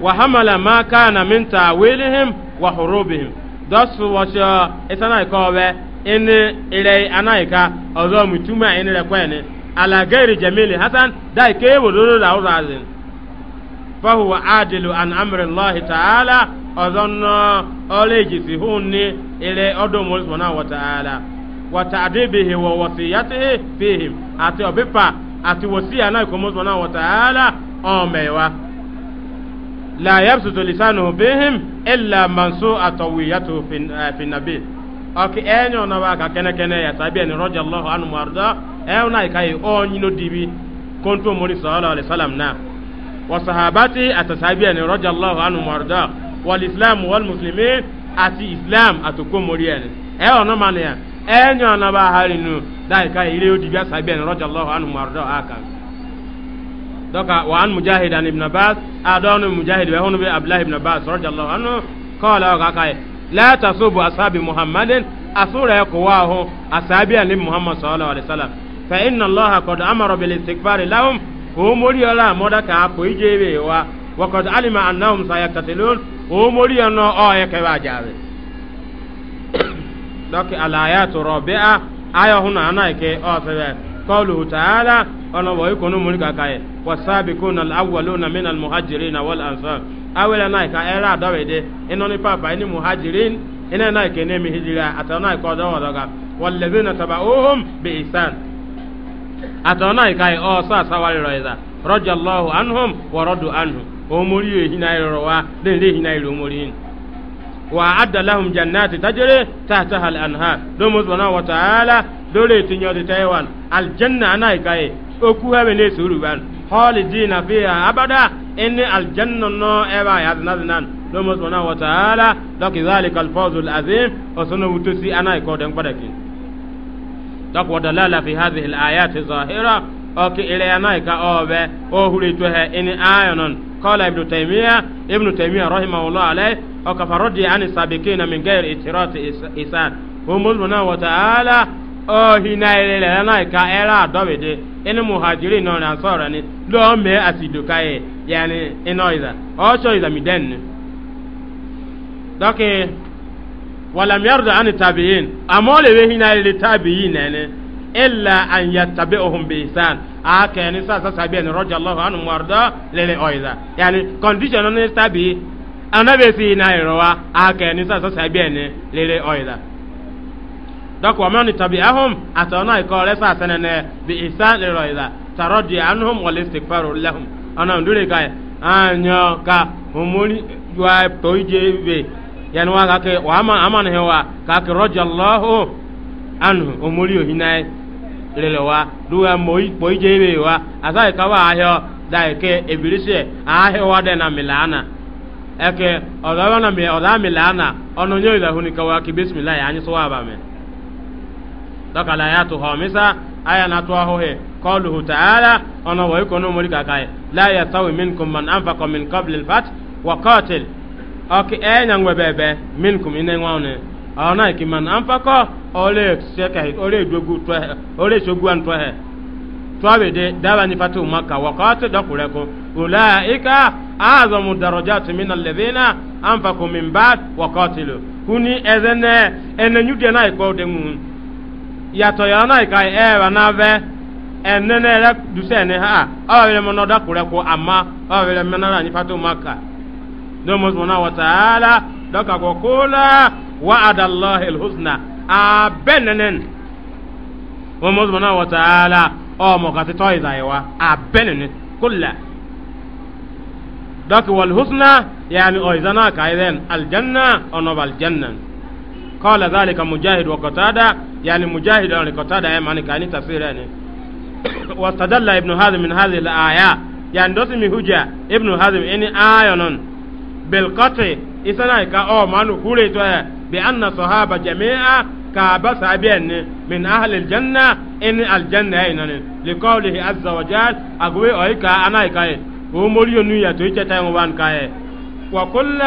wa hamala ma kana min ta'wilihim wa hurubihim dasu wacha etana ikobe ini ile anaika ozo mutuma ini lekwene ala gairi jamili hasan dai ke wodoro da urazin fahuwa adilu an amri allahi ta'ala ozonno olejisi hunni ile odo mori subhanahu wa ta'ala wa ta'dibihi wa wasiyatihi fihim ati obipa ati wasiya na ko mori subhanahu wa ta'ala omewa la yabsutu lisanuhu bihim illa mansu'a tawiyatu fi nabi aki enyo na ba ka kene kene ya sabi en roja allah anu marda e na kai o nyino dibi kontu muri sallallahu alaihi wasallam na wa sahabati atasabi en roja allah anu marda wal islam wal muslimin ati islam atoko muri en e ono mane ya enyo na ba harinu dai kai ile o dibi sabi en roja allah anu marda aka doka wa an mujahidan ibn abbas adonu mujahid wa hunu bi abdullah ibn abbas radiyallahu anhu qala wa kai la tasubu ashabi muhammadin asura ya kuwa ho asabi ani muhammad sallallahu alaihi wasallam fa inna allaha qad amara bil istighfar lahum o mori ola moda ka po ijebe wa wa qad alima annahum sayaqtatilun o mori ono o ye ke wa jabe doki alayatu rabi'a aya huna ana ke o sebe qawluhu ta'ala ona wa yakunu mulika kai wasabiquna al-awwaluna awele na ka era adawede ino ni papa ini muhajirin ina na ke ne mi hijira ata na ka odo odo ga wallazina tabauhum bi ihsan ata na ka o sa sawari roiza radiyallahu anhum wa radu anhu o muri ehina irowa den le ehina iro muri wa adda lahum jannati tajri tahtaha al anhar do mo subhanahu wa ta'ala dole tinyo de taiwan al janna na ka e oku ha be ne suru ban holidina fiha abada inni aljanna no eba ya zina zinan lomo subhanahu wa ta'ala doki zalika alfawzu alazim osono wutusi ana ko den padaki dok wa dalala fi hadhihi alayat zahira oke ile ana ka obe o huri to he ini ayonon qala ibnu taymiya ibnu taymiya rahimahullah alayh o ka farodi an sabiqina min ghairi itirati isan humu subhanahu wa ta'ala o hinaire ana ka era dobede ene muhajiri no na ansara ni do me asido kaye yani enoiza ocho iza miden doke wala yarda an tabi'in amole we hina ile tabi'in ne illa an yattabi'uhum bi ihsan aka ni sasa roja allah anhu warda lele oiza yani condition on tabi anabe si na irowa aka ni sasa sabiyan lele oiza dɔk wa mɛni tabi ahom a yi kɔɔrɛ saa sɛnɛ nɛ bi isa yi la tarɔ di anuhom wɔli sikparo lɛhom ɔnɔ ndure ka yi anyɔ ka homoni yuwa be yanni ka wa ama ama wa ka kɛ lɔho anu homoni na yi wa moyi wa asa yi ka wa ahɛ da yi kɛ ebirisɛ wa dɛ na ɛkɛ e ɔdɔ na mi ɔdɔ nyɛ yi la ka wa dɔka la ya tu hɔmisa aya na tu ahohe kɔluhu ta'ala ɔnɔ wɔyi kɔnɔ mori kaka ye la ya sawi min kum man anfa kɔ min kɔbili fat wa kɔtil ɔki ɛɛ nya ŋwɛ bɛɛbɛ min kum ine ŋwaw ne ɔnɔ ki man anfa kɔ ɔle sɛkɛ ɔle dogu tɔhɛ ɔle soguan tɔhɛ tɔɔbi de daba ni fati ma ka wa kɔɔti dɔkurɛ ko ulaika aazamu darajati min alladhina anfaqu min ba'd wa qatilu kuni ɛzɛnɛ ɛnɛ nyudɛ n'a ye kɔɔ de ŋun yàtọ̀ yàrá náà ìka ẹ̀ wà náà bẹ́ ẹ̀ nínú ẹ̀rẹ́ dùsẹ̀ ní ha ọ̀rọ̀ wẹ̀rẹ̀ mọ́nà ọ̀dà kúrẹ́ kó àmà ọ̀rọ̀ wẹ̀rẹ̀ mọ́nà náà nípa tó máa kà dọ́mọ̀ sọ̀nà wọ̀tàálà dọ́kà kò kóòlà wà àdàlọ́ ìlhùsùnà àbẹ́ nínú dọ́mọ̀ sọ̀nà wọ̀tàálà ọmọ kàti tọ́ ìzà yìí wa àbẹ́ nínú kóòlà dọ́kà wọ̀lhùsùnà yàrá ọ̀ qala dhalika mujahid wa qatada yani mujahid wa qatada ya eh, maana kani tafsiri yani wastadalla ibn hazm min hadhihi al-aya yani dosi mi hujja ibn hazm ini non bil qat'i isana ka o oh, manu kure to eh, bi anna sahaba jami'a ka ba sabiyan min ahli al-janna in al-janna yanan eh, li qawlihi azza wa jalla agwe oika anai kai o mori onu ya to icheta wan kai wa kullu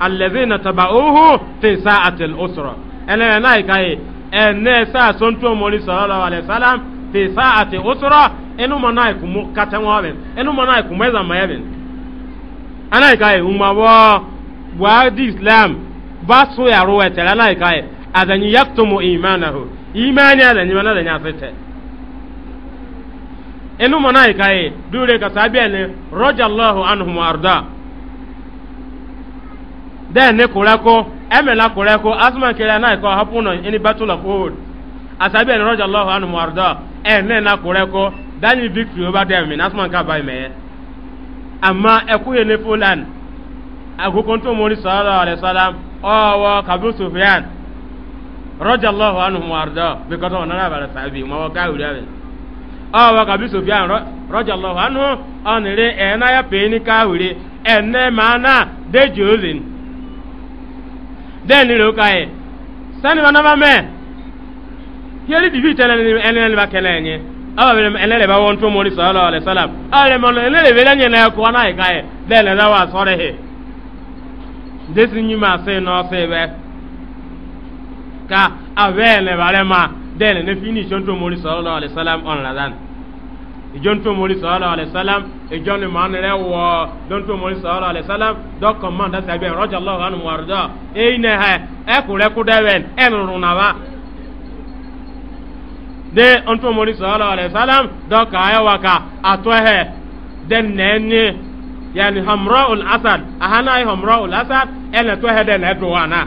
alẹ́zínà tàbá òhù fi sá àtìl òsòrò ẹlẹ́yìn náà ìka yìí ẹ̀ẹ́nẹ́ sá sọ́ńtò mọ́lì sọ̀rọ̀ alẹ́ sálám fi sá àti òsòrò ẹnu mọ́ náà ìkú mú kàtẹ́ wọn bẹ̀ ẹnu mọ́ náà ìkú mẹ́zà mọ́ ẹ̀bẹ̀ ẹlẹ́yìn ìka yìí ń wọ́ wàhádì islam bá sọ yàrá wẹ̀ tẹ̀lé ẹlẹ́yìn ìka yìí àdànyí yàtọ̀mọ̀ ìmánahu ìmánì then ne kureko emela kureko asman kele na ko hapuno in battle of old asabi en roja allah anu marda en ne na kureko dani victory over them in asman ka bai me amma ekuye ne fulan agogo to mori sallallahu alaihi wasallam owo kabu sufyan roja allah anu marda be ko na na bala sabi ma wa ka uri awa kabi sufyan roja allah anu onire en ya pe ni en ne mana de jolin den re ka ye sani ma nama mɛ yeli dibi tɛ ɛnɛ ne ba kɛnɛ ye awa bɛ ɛnɛ de ba wɔn to mori sɔɔlɔ ale salam awa de ma ɛnɛ de bɛ lɛ ɲɛnɛ kɔ n'a ye ka ye den lɛ na wa sɔrɔ he desi nyi ma se nɔ se bɛ ka a bɛ ɛnɛ ba lɛ ma den ne fini sɔn to mori sɔɔlɔ ale salam on la dan ijon to mori sallallahu alaihi wasallam ijon ni man re wo don to mori sallallahu alaihi wasallam do kan man da sabe radiyallahu anhu warda eyne ha e ku re ku dewen en runa ba de on to mori sallallahu alaihi wasallam do ka ya waka ato he den nenne yani hamra'ul asad ahana hamra'ul asad en to he den edro wana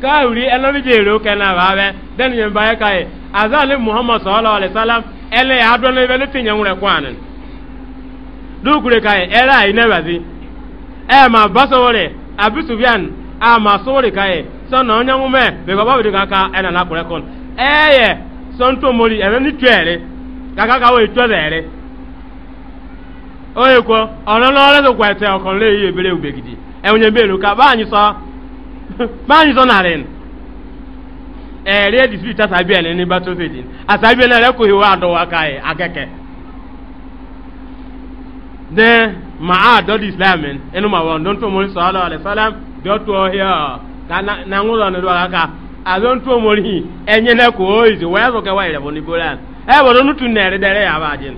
kawuri ɛlɔri de ero kɛnɛ ba bɛ dɛni yɛn ba yɛ ka azali muhammad sɔɔlɔ salam ɛlɛ yɛ adɔnna ibɛ ne ti dukure ka ɛlɛ ayi ne ba zi e ma basɔwore abisubiyan a ma sɔwore ka ye sɔnna o nyɛŋun mɛ bɛgɛ ka ka ɛna na kure kɔn ɛyɛ e sɔntomori ɛlɛ e ni tuyɛri kaka ka o ye tɔlɛri o ɔlɔlɔ ɔkɔlɔ báyìí sọ asabi islam tó na ń wúlọ̀ a dọ́wà ká àdó tó mọ̀ ní ẹ̀yẹ lẹ́kọ̀ọ́ òyìnbó wẹ́ẹ́ sọ̀kẹ́ wáyé rẹ̀ bọ̀ ní koran ẹ̀ bọ̀ lọ́nu tún nẹ̀ẹ́rẹ́dẹ́rẹ́ yà bá jẹ́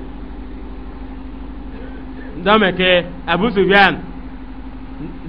dọ́mẹ̀kẹ́ abu sufyan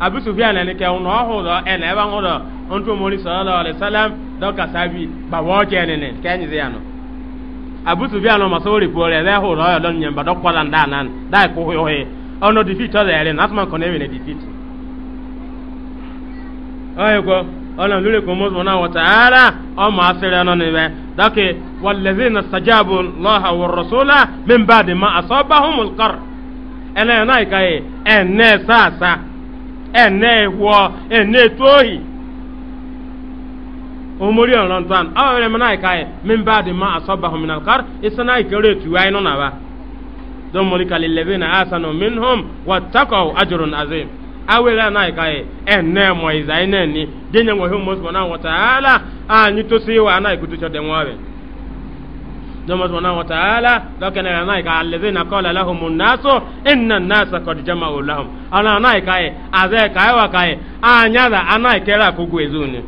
abu sufyan ke ho do e na ba ngodo onto mori sallallahu alaihi wasallam do ka sabi ba wo je ni ni ke nyi ya abu sufyan no masori po ho nyem ba do kwala nda nan da ko ho he ono defeat o na atman ko ne we ne defeat ayo ko na ene ehwo ene tohi omori ọ̀rọ̀ ntan awẹ́rẹ́ mi náà káyẹ mimba di ma asọ́ba homin alkar ìsan náà tuwa inú na wa dọ́mọ̀lì kàlí lẹ́bí na asanu minhum wà takọ̀ ajurun azim awẹ́rẹ́ náà káyẹ ẹ̀nẹ́ mọ̀ ìzáyé náà ni dẹ́nyẹ̀ wọ̀hí na náà ala anyi to si wa náà ìkútú sọ́dẹ̀ wọ́n rẹ̀. dɔmɔ sɔnna wa taala dɔkɛ ne yɛrɛ n'a ye ka alebe na kɔla la homu naaso e na naasa kɔdi jama o la homu ɔna n'a ye k'a ye a zɛ k'a ye wa k'a ye a nya la a n'a ye kɛra ko goezu ne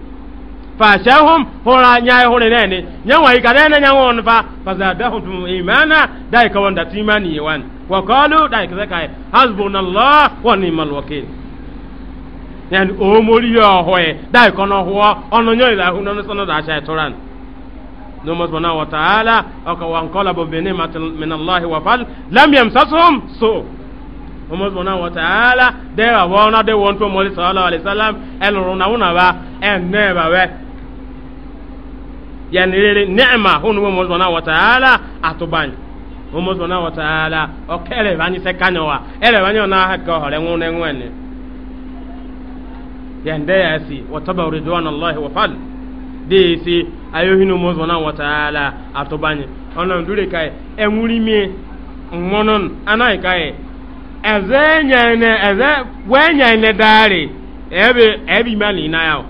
fàṣẹ hom hóra nya ye hóre ne ne nya wa yi ka ne ne nya wɔn fa pasa da ho tum imana da yi ka wɔn da tu imani ye wani wa kɔɔlu da yi kisɛ k'a ye hasbunallah wa ni malwakil yanni o mori yɛ ɔhɔ ye da yi kɔnɔ hɔ ɔnɔ nyɛ yi la hu nɔnɔ da a sɛ tora ni nomo subhanahu wa ta'ala aka wankalabu bi ni'matin min Allah wa fal lam yamsasuhum so nomo subhanahu wa ta'ala de wa wona de won to mo sallallahu alaihi wasallam en runa una ba en ne ba we yani rere ni'ma hunu mo subhanahu wa ta'ala atuban nomo subhanahu wa ta'ala o kele bani se kanyo ele bani ona ha ko hore ngune ngwene yende yasi wa tabaridwanallahi wa fal de si ayohinu mozona wataala atobanye onon dure kai enwurimie mmonon anai kai eze nyane eze wenyane dare ebe ebi mali na yao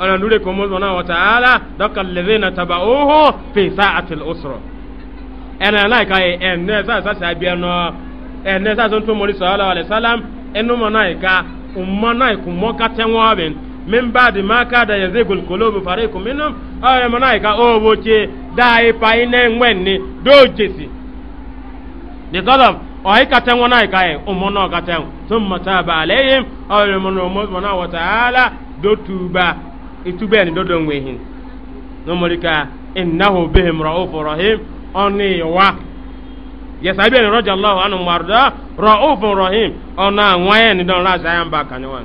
onon dure ko mozona wataala dakal ladhina tabauhu fi sa'ati al-usra ana anai kai enne sa sa sabia no enne sa so to mori sallallahu alaihi wasallam enu monai ka umma nai kumokatengwa ben min ba'di ma kada yazigul qulubu fariqun minhum ay malaika o woche dai pa ine ngwenni do jesi because of oyi kata ngwana ka e umono kata thumma taba alayhim ay mono mo wana wa ta'ala do tuba itube ni do no innahu bihim rahim oni wa radiyallahu anhu marda rahim ona ngwaye ni don la zayan ba kanwan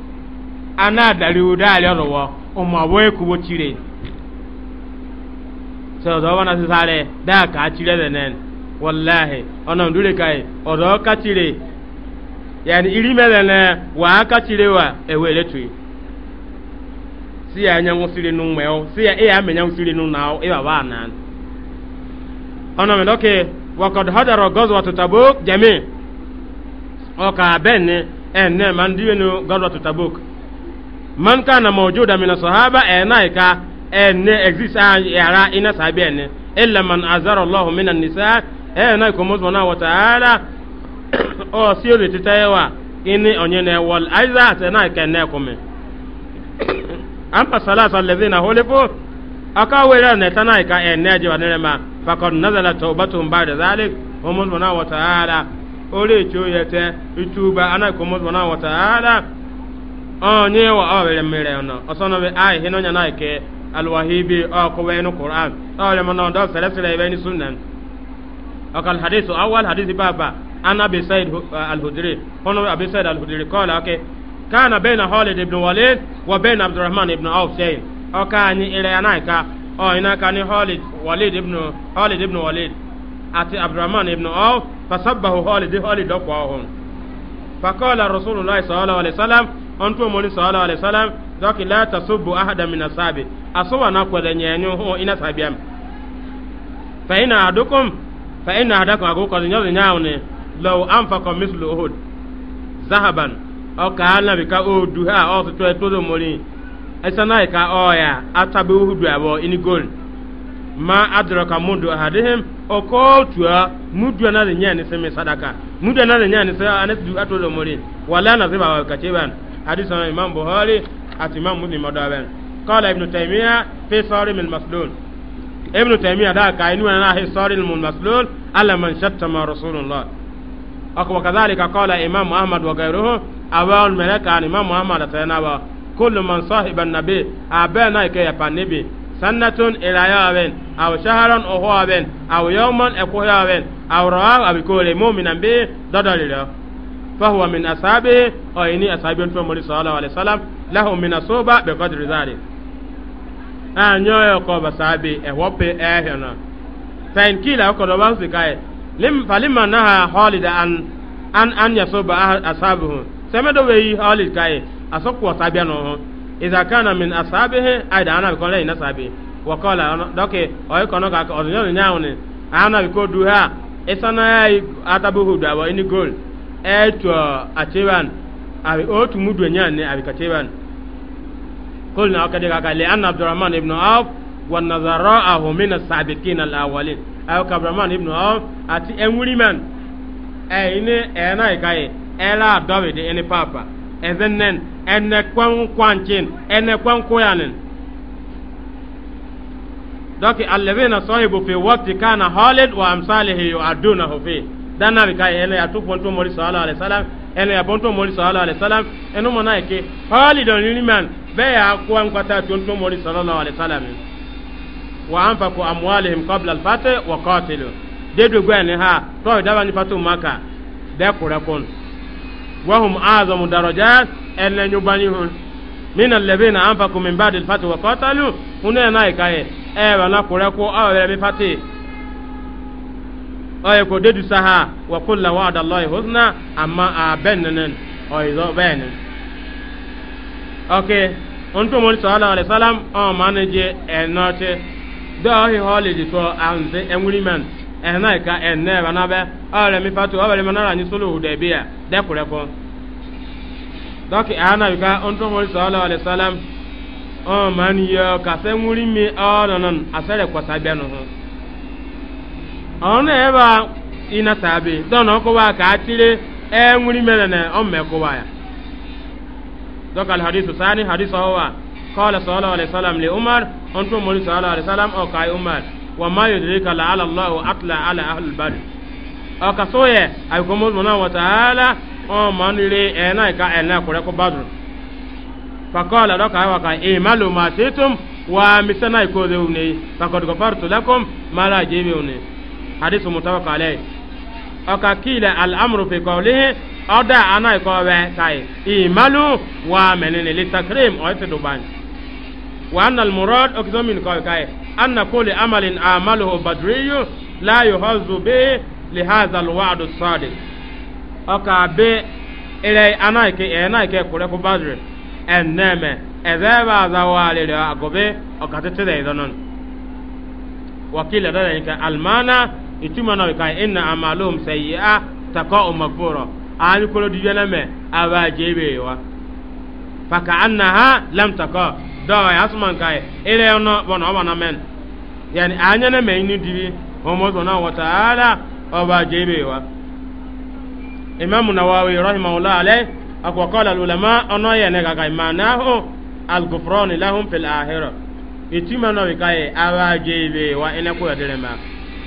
ana dariu dali ọlọwọ ọmọ àwọ ekubo sọ ọdọ wọn asi sáré dáa kàá chire dẹnẹn wọláhì ọ̀nà ndúlẹ̀ káyì ọ ká chire yàni iri mẹlẹlẹ wàá ká chire wa si ya anyanwụ siri nụ mmeọ si e ama anyanwụ siri n'ụmụ na ịwa e wa anan ọnọ mẹ ndị man kana mawjuda min sahaba enaika enne exist yara ina sahabi enne illa man azara allah min an-nisa e na ko mo subhanahu wa ta'ala o siyo le ini onye ne wal aiza tena kenne kume amma salasa alladhina hulifu akawera ne tanaika enne je wanema na nazala tawbatuhum ba'da zalik wa mo wa ta'ala ole choyete ituba wa ta'ala on oh, nye wa o oh, wele mire ono osono be ai hino nya na ke alwahibi o oh, ko we no qur'an o le mono do sele sele be ni sunnan akal hadithu awal hadithi baba ana bi said uh, al-hudri abi said al-hudri qala okay kana baina Khalid ibn Walid wa baina Abdurrahman ibn Auf shay o ka ni ile anaika o ina ka ni Khalid Walid ibn Khalid ibn Walid ati Abdurrahman ibn Auf fasabbahu Khalid Khalid dokwa hon فقال رسول الله صلى الله عليه وسلم on to moni sallallahu alaihi wasallam zaki la tasubbu ahada min asabi asowa na kwele nyenyo ho ina sabiam fa ina adukum fa ina adakum ago ko nyawo nyawo ne law anfaqa mislu uhud zahaban o ka ala bi ka o duha o to to do moni esana ka o ya atabe uhudu abo ini gold ma adraka mundu ahadihim okotua mudu na le nyani seme sadaka mudu na le nyani sa anesu atolo mori wala na ziba wa kacheban hadith na imam buhari àti imam muslim ọdọ abẹ kọlá ibn taymiya fi sọrí min maslul ibn taymiya dáa ka inú ẹ̀rọ ahi sọrí min maslul alaman shatama rasulullah ọkọ wakazali ka kọlá imam muhammad wa gairuhu awọn mẹlẹka ni imam muhammad àti ẹnna wa kullu man sahiba nabi abẹ náà ike yapa nibi sannatun ilayawen aw shaharan ohoawen aw yawman ekoyawen aw rawaw abikore muminan bi dodoliro fahuwa min asabe o ini asabe to mori sallallahu alaihi wasallam lahu min asuba bi qadri zalik a nyoyo ko basabe e hope e hena fain kila ko do bansi kai lim falima naha halida an an an yasuba asabuhu semedo we halid kai asoku asabe no ho idza kana min asabihi aida ana ko le nasabi wa qala doke o ko no ka o nyaawni ana ko duha isana atabuhu dawa ini gold eto ateban abi otu mudu nyan ne abi kateban kulna akade kaka li anna abdurrahman ibn auf wa nazara'ahu min as-sabiqin al-awwalin aw ka abdurrahman ibn auf ati enwuri man e ine e na ikaye e ela david ene papa ezennen ene kwan kwanchin ene kwan koyanin doki allazina sahibu fi waqti kana halid wa amsalihi yu'adunahu hufi danna bi ka ele ya tu fonto mori sallallahu alaihi wasallam ele ya fonto mori sallallahu alaihi wasallam eno mona eke hali don ni man be ya ko an kwata fonto mori sallallahu alaihi wasallam wa anfaqu amwalihim qabla al-fath wa qatilu de do gwa ni ha to da ba ni fatu maka de kura kon wa hum azamu darajat ele nyubani hun min alladhina anfaqu min ba'di al-fath wa qatalu hunna naikaye e wa na kura ko awere bi fati oye ko dedu saha wa kulla wa'da allahi husna amma a bennanen oye zo benen okay on to mol sallallahu alaihi wasallam o manage enote do hi holiday to anze enwiriman ehna ka enne banabe ole mi fatu ole manara ni sulu hudebia de kure ko doki ana ka on to mol sallallahu alaihi wasallam o man yo ka se nwirimi o nonon asare kwasa bianu ho ọ̀nà ẹ̀ bá iná sàbí dọ́nà ọkọ̀wá kà á tiri ẹ̀ e ńwúrí mẹ́rẹ̀ nà ọ̀mẹ̀kọ̀wá ya. dọ́kà hadithu sani hadithu ọ̀wà kọ́lá sọ́lá alẹ́ sálàm lè umar ọ̀ntún mọ́lì sọ́lá alẹ́ sálàm ọ̀kà umar wà má yóò dìrí kàlà alàlọ́ àtìlà alẹ́ àlùbárì. ọ̀kà sóyẹ àbíkọ́mọ́sọ̀nà wọ̀tàálà ọ̀mọ̀ nílé ẹ̀ náà ìka ẹ̀ náà kúrẹ́ kó bá dùn. fakọ́lá dọ́kà wàkà wà mísánà ìkó hadith mutawakkal alayhi aka kila al'amru fi qawlihi oda ana ko we kai imalu wa menene li takrim o te duban wa anna al murad okzomin ko kai anna kulli amalin amaluhu badriyu la yuhazu bi li hadha al wa'd as sadiq aka be ile ke ana ke kure ko badri enneme ezeba zawali le agobe okatete de idonon wakila dada nika almana ituma na ka inna amalum sayyi'a taqa'u maghfura ani kolo dijana me aba jebe wa faka annaha lam taqa dawa yasman kai e, ile ono bono bono men yani na me ni diri homo zona wa ta'ala aba jebe wa imam nawawi rahimahullah alayh akwa qala ulama ono ye ne ga manahu al-ghufran lahum fil akhirah itima na kai e, aba jebe wa ina ko yadirema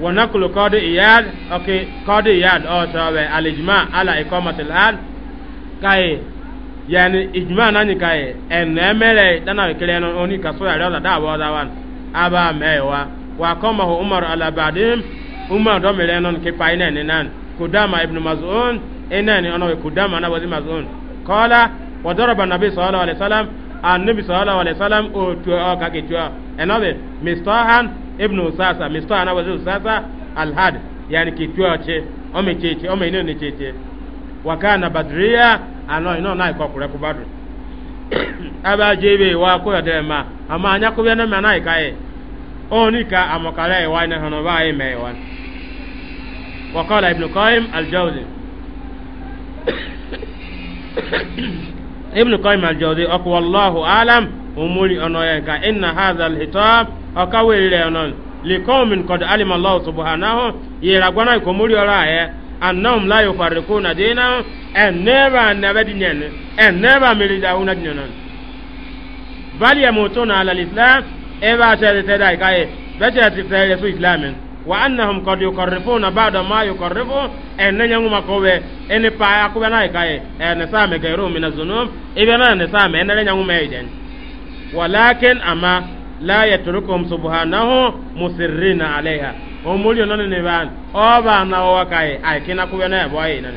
ونقل قاضي إياد أوكي قاضي إياد أو سوى الإجماع على إقامة الآل كاي يعني إجماع ناني كاي إن أمري تنا كلين أوني كسوى رضا دا وضوان أبا ميوا وقامه عمر على بعدهم عمر دمرين كيباين نان قدام ابن مزعون إنني أنا قدام أنا وزي مزعون قال وضرب النبي صلى الله عليه وسلم النبي صلى الله عليه وسلم أو تو أو كاكي تو أنا مستوى ibnu usasa misto ana wazi usasa alhad yani kitua che ome cheche ome ino ni cheche wakana badria ano ino na iko kure ku badri aba jebe wa ko yade ma ama anya ko bena ma na ikaye oni ka amokale wa ina hono ba e mewan وقال ابن قايم الجوزي ابن قايم الجوزي أقوى الله أعلم umuri ono ya ka inna hadha alhitab akawele ono liqaumin qad alima Allah subhanahu yera gwana ko muri ora ye annahum la yufarriquna dinahum and never never dinyan and never milida una dinyan bal yamutuna ala alislam eba tere tere ka ye bete tere su islamin wa annahum qad yuqarrifuna ba'da ma yuqarrifu en nyangu makobe en pa akubana ka ye en sa me gairo min azunum ibana ne sa me nyangu me walakin amma la yatrukum subhanahu musirrina alaiha o muri non ne ban o ba na wa kai ai kina ku na bo ai nan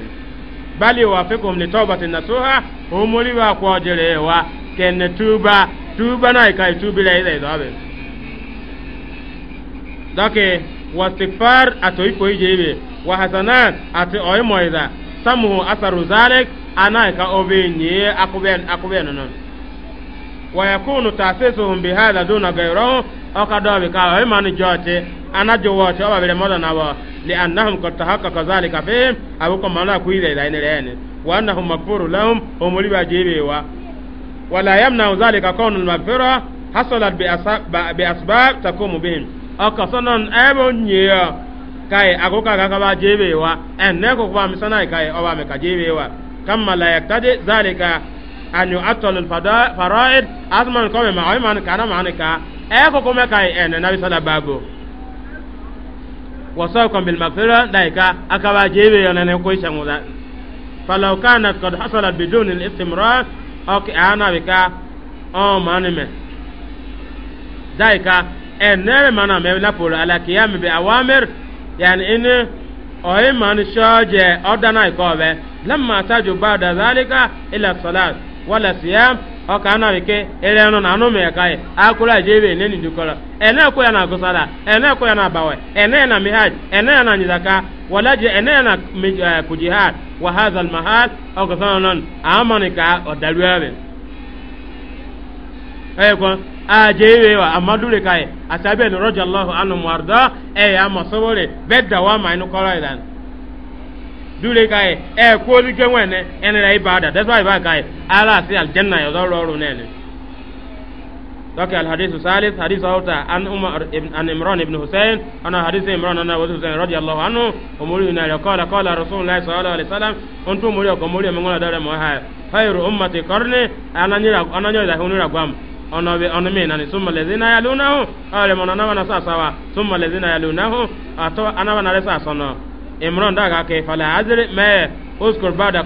bali wa fikum li tawbati nasuha o muri wa ko jere wa ken tuba tuba na kai tubi la ida idabe dake wastighfar ato ipo ijebe wa hasanat ati oymoida samu asaru zalik anai ka obe nye akuben akuben ويكون تأسيسهم بهذا دون غيره أقدر بك وإما نجوتي أنا جواتي أو بلا مدنا لأنهم قد تحقق ذلك فيهم أبوكم ملا كويزة إلى إلى وأنهم مغفور لهم هم لبا ولا يمنع ذلك كون المغفرة حصلت بأسباب تقوم بهم أقصنا أبو نيا kai agoka kaka ba jebewa enne ko ba misana kai oba me ka jebewa kamma la yaktadi zalika an yu'attal al fara'id azman ko me ma man kana man ka e ko ko me kai en nabi sallallahu babu wasawkum bil maghfira daika akaba jebe yonene ko shanguda falau kana qad hasala bidun al istimrar ok ana bika o manime daika en nere mana me la por ala kiyam bi awamir yani in o man shoje odana ikobe lamma taju ba'da zalika ila salat wala siya o ka na wike ele no na no me kai akula jebe ne ni dukola ene ko ya na gusala ene ko ya na bawe ene na mihaj ene na nyizaka wala je ene na e, kujihad wa hadha al mahal o ka sanan amanika o dalwabe e ko a jebe wa amadure kai asabe no radiyallahu anhu warda e ya masawore bedda wa ma inu kola idan dure kai e ko li ke wene ene la ibada that's why ba kai ala si al janna yo do ro nene doke al hadithu salis hadithu auta an umar ibn an imran ibn husayn ana hadithu imran ana wa husayn radiyallahu anhu umuri na ya qala qala rasulullah sallallahu alaihi wasallam untu muri ko muri mo ngala dare mo ha khairu ummati qarni ananyira ananyo da hunira gwam ono be ono me nani summa lezina yalunahu ale mona na wana sasa wa summa lezina yalunahu ato anawana resa sono imran daga ke fala azri me uskur bada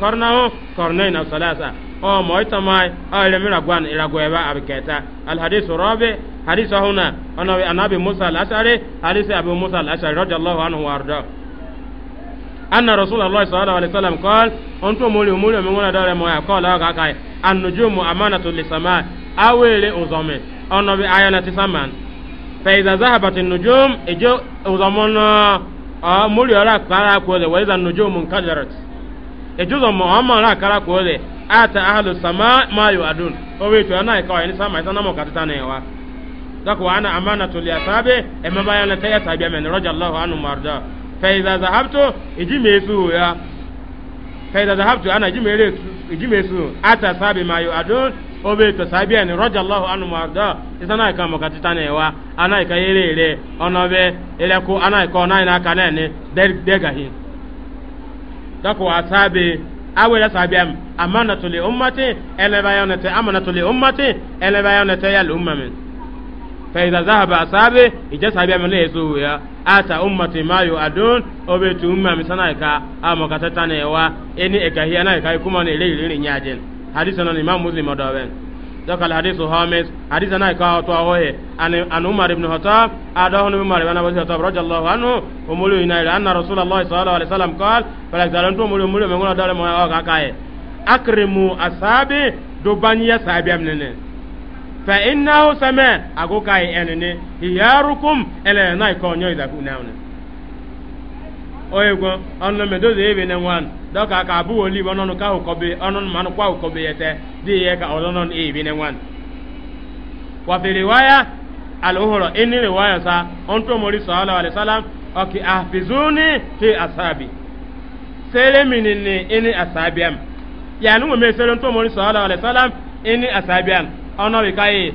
qarnahu qarnain aw salasa o moita mai ale mira gwan ira goeba abketa al hadith rabi hadith huna ana bi anabi musa al ashari hadith abu musa al ashari radiyallahu anhu warda anna rasulullah sallallahu alaihi wasallam qala antu muli muli mengona dare moya qala ga kai an nujumu amanatu lisama awele uzome ana bi ayana tisaman fa idha zahabat an nujum ijo uzamono muri ọla kara kwole wa iza nujumu nkajarat ejuzo mo ama ọla kara kwole ata ahlu sama ma yu adun o we to ana e ka ni sama ita na mo katata ne wa dako ana amana to li asabe e ma baya na taya tabi men rajallahu anhu marda fa iza zahabtu iji e me su ya fa iza zahabtu ana iji e me iji me su ata sabi ma yu adun obe to sabi ni roja allahu anu marda isa na ika mokati ta ne wa ana ika yere ere ono be ile ku ana ika ona ina aka na ne dega hi dako wa sabi awe da sabiya amana tuli ummati eleba ya onete amana ummati eleba ya onete ya lumma min fa idza zahaba asabi ija sabiya min lezu ya ata ummati ma yu'adun obe tu umma misana ika amokati ta wa eni ika hi ana ika kuma ne ile ile nyajen hadisa non imam muslim o dowen donc al hadisu hamis hadisa nay ka to hoye an umar ibn khattab ada hono umar ibn abi khattab radiyallahu anhu umulu inayl anna rasulullah sallallahu alaihi wasallam qal fala zalantu umulu umulu me ngona dale mo ka kae akrimu asabi do banya sabi amnene fa innahu sama ago kai e enene hiyarukum ele nay ko nyoy da kunawne oyego onno me do ne wan dɔka ka abu woli kɔbe ɔnɔnu manu kɔbe yɛtɛ di yɛ ka ɔlɔnɔnu eyi bi ne wan wafiri waya aluhuro ini riwaya sa ɔntu mori sɔɔla wale salam ɔki ahfizuni asabi sele sele salam ini ɔnɔ bi ka ye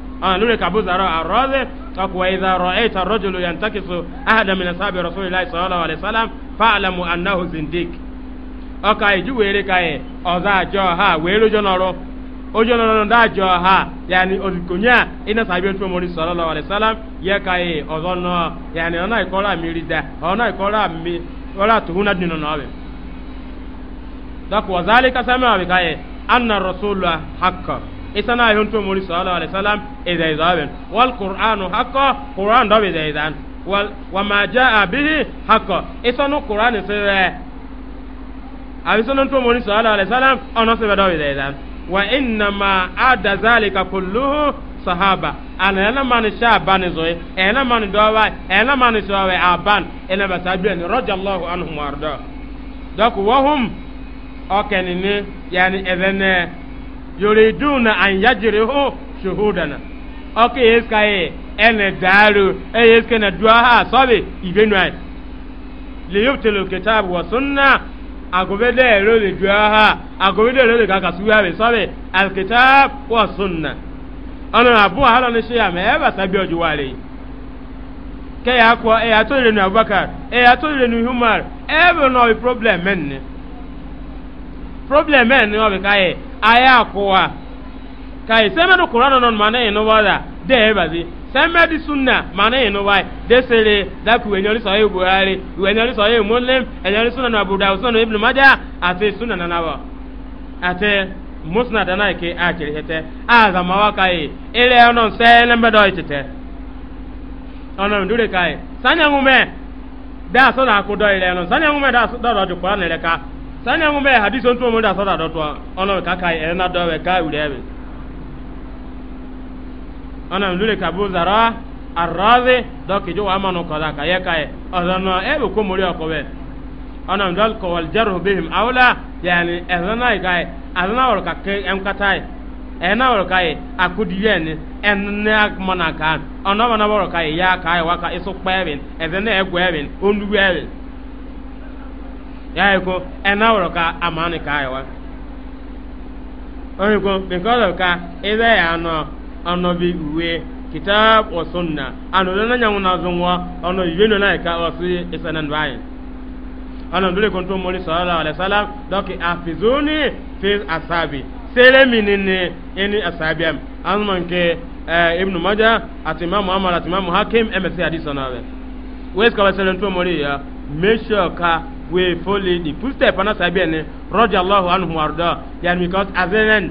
an lure kabu zaro a roze ka kuwa idza ra'aita rajulu yantakisu ahada min ashabi rasulillahi sallallahu alaihi wasallam fa'lamu annahu zindiq ọka iju were ka ye ọza ajọ ha were ojo nọrọ ojo nọrọ ndị ajọ ha yani ozikonye a ina sabi otu omori sallallahu alaihi wasallam ka ye ọzọ nọ yani ọ na-ekọrọ amiri isana yon to muri sallallahu alaihi wasallam idza izaben wal qur'anu haqqo qur'an da idza izan wal wa ma jaa bihi haqqo isanu qur'an sirre abi sanan to muri sallallahu alaihi wasallam ono se da idza izan wa inna ma ada zalika kulluhu sahaba ana yana mani sha bani zoe yana mani dawa yana mani shawe aban ina basabiyan radiyallahu anhum warda dak wahum okenini yani evene yoriduna an yajrihu shuhudana oke yeska ye ene daru e yeske na dua ha sobe ibenu ai li yubtilu kitab wa sunna agobede ero le dua ha agobede ero le kaka suwa be sobe al kitab wa sunna ana abu hala ne shi ame e ba sabi oju wale ke ya ko e atole nu abubakar e atole nu umar e be no problem men problem ẹ̀ ni wọ́n bi ka yẹ ayé àkọwà ka yẹ sẹ́mẹ́dì kùránù nọ màá nẹ́yìn ní wọ́dà dẹ́ ẹ̀ bàdí sẹ́mẹ́dì sunna màá nẹ́yìn ní wáyé dẹ́sẹ̀lẹ̀ dákú ẹ̀yọ́rí sọ̀rọ̀ buhari ẹ̀yọ́rí sọ̀rọ̀ muslim ẹ̀yọ́rí sunna na abudu awo sunna nà ibn maja ati sunna nà nàbọ̀ ati musna dáná yìí ké àkiri hẹtẹ àzàmáwá ka yẹ ilẹ̀ ọ̀nà sẹ́ẹ̀lẹ́mẹ́dọ̀ yìí tẹ̀tẹ̀ ọ̀nà ìdúró ka yẹ sanyẹ̀ngùmẹ̀ dáa sọ̀rọ̀ àkúdọ̀ ilẹ̀ ọ̀nà sanyẹ̀ngùmẹ̀ dáa sọ̀rọ̀ ọ̀dùkọ̀ ọ̀nà ìrẹ̀ka Sani emume me hadisi on tumo da sada dotwa ono ka kaka e na ka urebe ana ka bu zara arrazi doki jo amanu kada ka e bu ko mori akobe ana mdal ko wal jarhu bihim aula yani ka ke em katai ena wal kai akudiye ni kan mana waka isu ya ko enaworoka wuro ka yawa because of ka ebe ya no ono uwe kitab wa sunna ano lona nyangu na zungwa ono yeno na ka wasi isanan bayin ano dole ko to mori sallallahu alaihi wasallam doki afizuni fi asabi sele minini eni asabi am an man ke eh, ibnu maja atimam amara atimam emesi hadisa ya make sure ka we follow the footstep ana sabi ene roja allahu anhu warda yani because azenen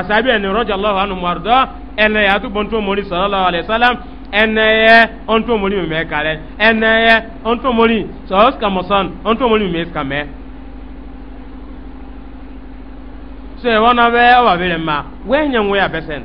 asabi ene roja allahu anhu warda ene ya tu bonto mori sallallahu alaihi wasallam ene ye onto mori me kare ene ye onto mori so ska mosan onto mori me ska me so e wona be wa bele ma we nyen we abesen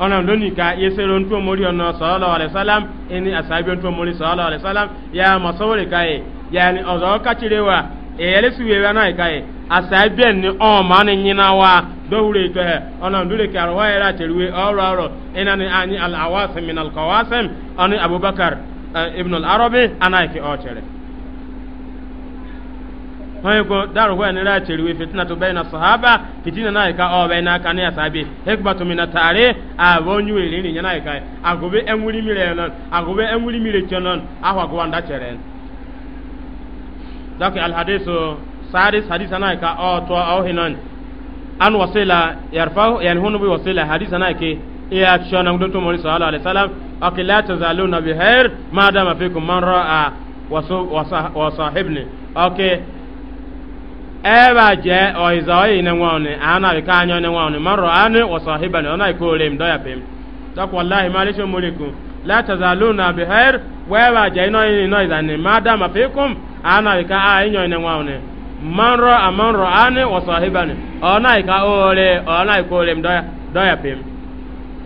ona ndoni ka yesero ntu omori ono sallallahu alaihi wasallam ini asabi ntu omori sallallahu alaihi wasallam ya masawri kai yani ozo kachirewa e ele suwe wa nai kai asabi ni o mani nyina wa dohure to he ona ndure ka ro era tirwe oro oro ina ni ani al awasim min al qawasim ani abubakar eh, ibn al arabi anai o chere hoy go daru ho ni ra tiri wi to baina sahaba fitina na ka o baina ka ne asabi hikmatu min atare a wonyu eri ni na ka agobe enwuri mire non agobe enwuri mire chonon ahwa go anda cheren dak al hadithu sadis hadisa na ka o to o hinon an wasila yarfahu yani hunu bi wasila hadisa na ke iya shonan don to mori sallallahu alaihi wasallam akila tazaluna bi khair ma dama fikum man ra'a wasahibni okay eba je oiza oyi ne ngwoni ana bi kanyo ne ngwoni maro ani wa sahiban ona ko lem do yapem tak wallahi malishu muliku la tazaluna bi khair wa ba je no ni no izani madama fikum ana bi ka ayo ne ngwoni maro amaro ani wa sahiban ona ka ole ona ko lem do do yapem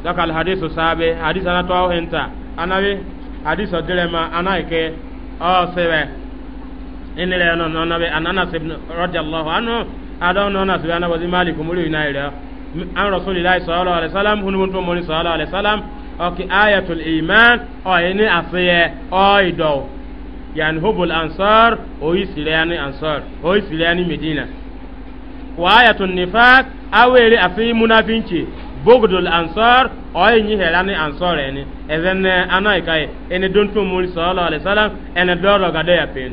tak al hadithu sabe hadith ana to hinta anabi hadithu dilema ana ike o sebe inire no no nabe ananas ibn radiyallahu anhu adam no nas bana wazi malik muri inaira an rasulillahi sallallahu alaihi wasallam hunu mun tumuri sallallahu alaihi wasallam oki ayatul iman o oh, ini asiye o oh, ido yani hubul ansar o oh, isirani ansar o isirani medina wa ayatul nifaq awere afi munafinci bogdul ansar oye nyi hera ni ansar eni ezen eh, ana ikai eni don tumuri sallallahu alaihi wasallam ene doro gade ya pin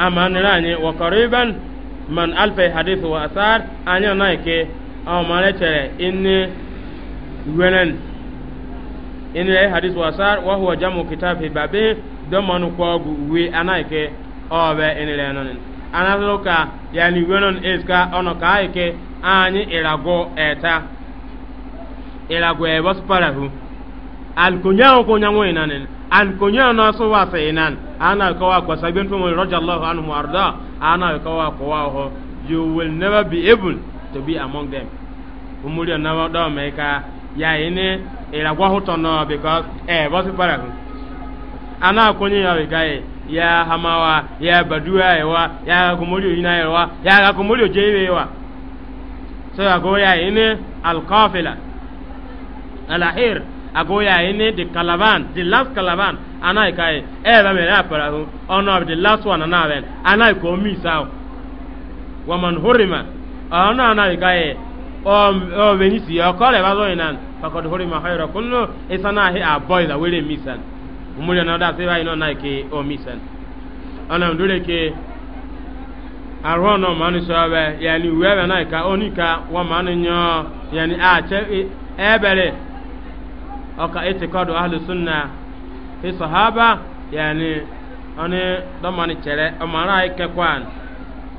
ama anyị anyi wa qariban man alfa hadith wa asar anya na ke aw mane tere inni wenen inni hadith wa asar wa huwa jamu kitab babe do manu ko gu we anaike obe inni lenon analoka yani wenon eska ono ka aike anyi irago eta irago e wasparahu alkunya ko nyanwe nanen an kunya na so wa sayinan ana kawa ko sabin to mun radiyallahu anhu warda, ana kawa ko wa ho you will never be able to be among them umuri na wa da me ka ya ine ira gwa hoto no because eh bo si para ana kunya ya we gai ya hamawa ya badua ewa ya kumuri ina ewa ya kumuri jewe ewa so ya go ya ine al qafila al ahir agoya ini the calavan the last calavan anai kai ebe mere apara hu ono oh, of the last one ana ben ana ko mi sao waman hurima ono anai kai o o beni si o kole ba zo inan fakod hurima hayra kullu isana hi a boy da wele misan umuri na da se ba ino nai ke o misan ana ndure ke arho no so be yani webe nai ka onika wa manu nyo yani a che ebere ọka etikọdụ ahlu sunna fi sahaba yani oni domani chere omara ai kekwan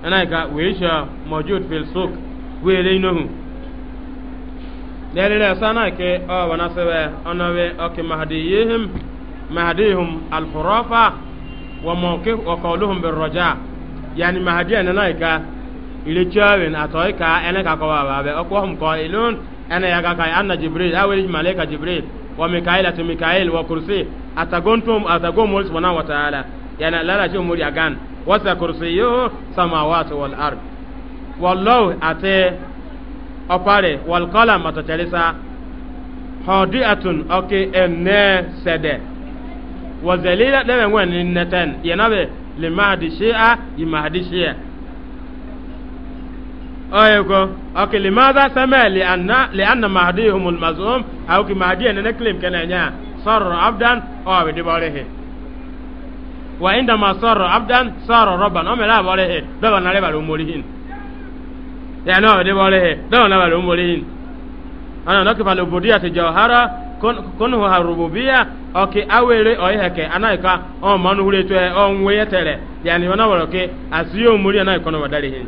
ana ga weisha mawjud fil suq wele inohu dalila sana ke o wana sebe onawe oki mahdiyihim mahdihum al khurafa wa mawqif wa qawluhum bil raja yani mahdiya na ka ile chawen atoy ka ene ka ko baba be okwo hum ko ilun ene ya ga kai anna jibril awe malaika jibril wa mikail ati mikail wa kursi atagontum atagon mori subhanahu wa ta'ala yana lala ce mori agan wasa kursi yo samawati wal ard wallahu ate opare wal qalam matatalisa hadiatun oke enne sede wa zalila dawe ngwen neten yana be limadi shi'a yimadi shi'a ayeko ok limadha sama li anna li anna mahdihum al mazlum aw ki mahdi ne ne claim kana nya sarra abdan o be de bolehe wa inda ma sarra abdan sarra rabban o me la bolehe do na le balo morihin ya no de bolehe do na balo morihin ana no ki falo bodiya te jawhara kon kon ho harububiya ok awere o heke anaika o manu hure to e o nwe yetere yani wana woroke asiyo muri anaika no wadarihin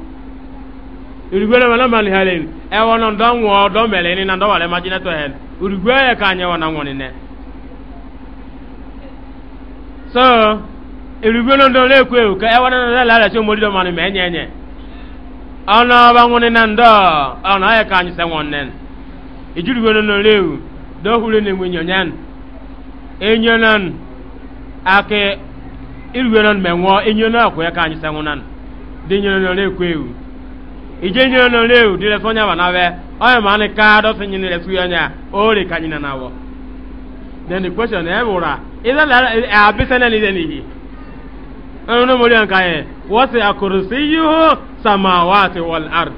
urugwere wala mali halen e wono don wo do mele ni na do wale majina to hen urugwere ka anya wona woni ne so urugwere don le ku e ka e wona na la la so mori do mani me nye nye ana ba na ndo ana ya ka anyi se wonne no do ne nyan ake akwa e ka se le ije nyere no leu dire sonya bana we oye mani ka do sinyi ne su yonya ore ka nyina nawo then the question e wura ida la a bisana ni deni hi no mori anka e, e wasi akursiyuhu samawati wal ard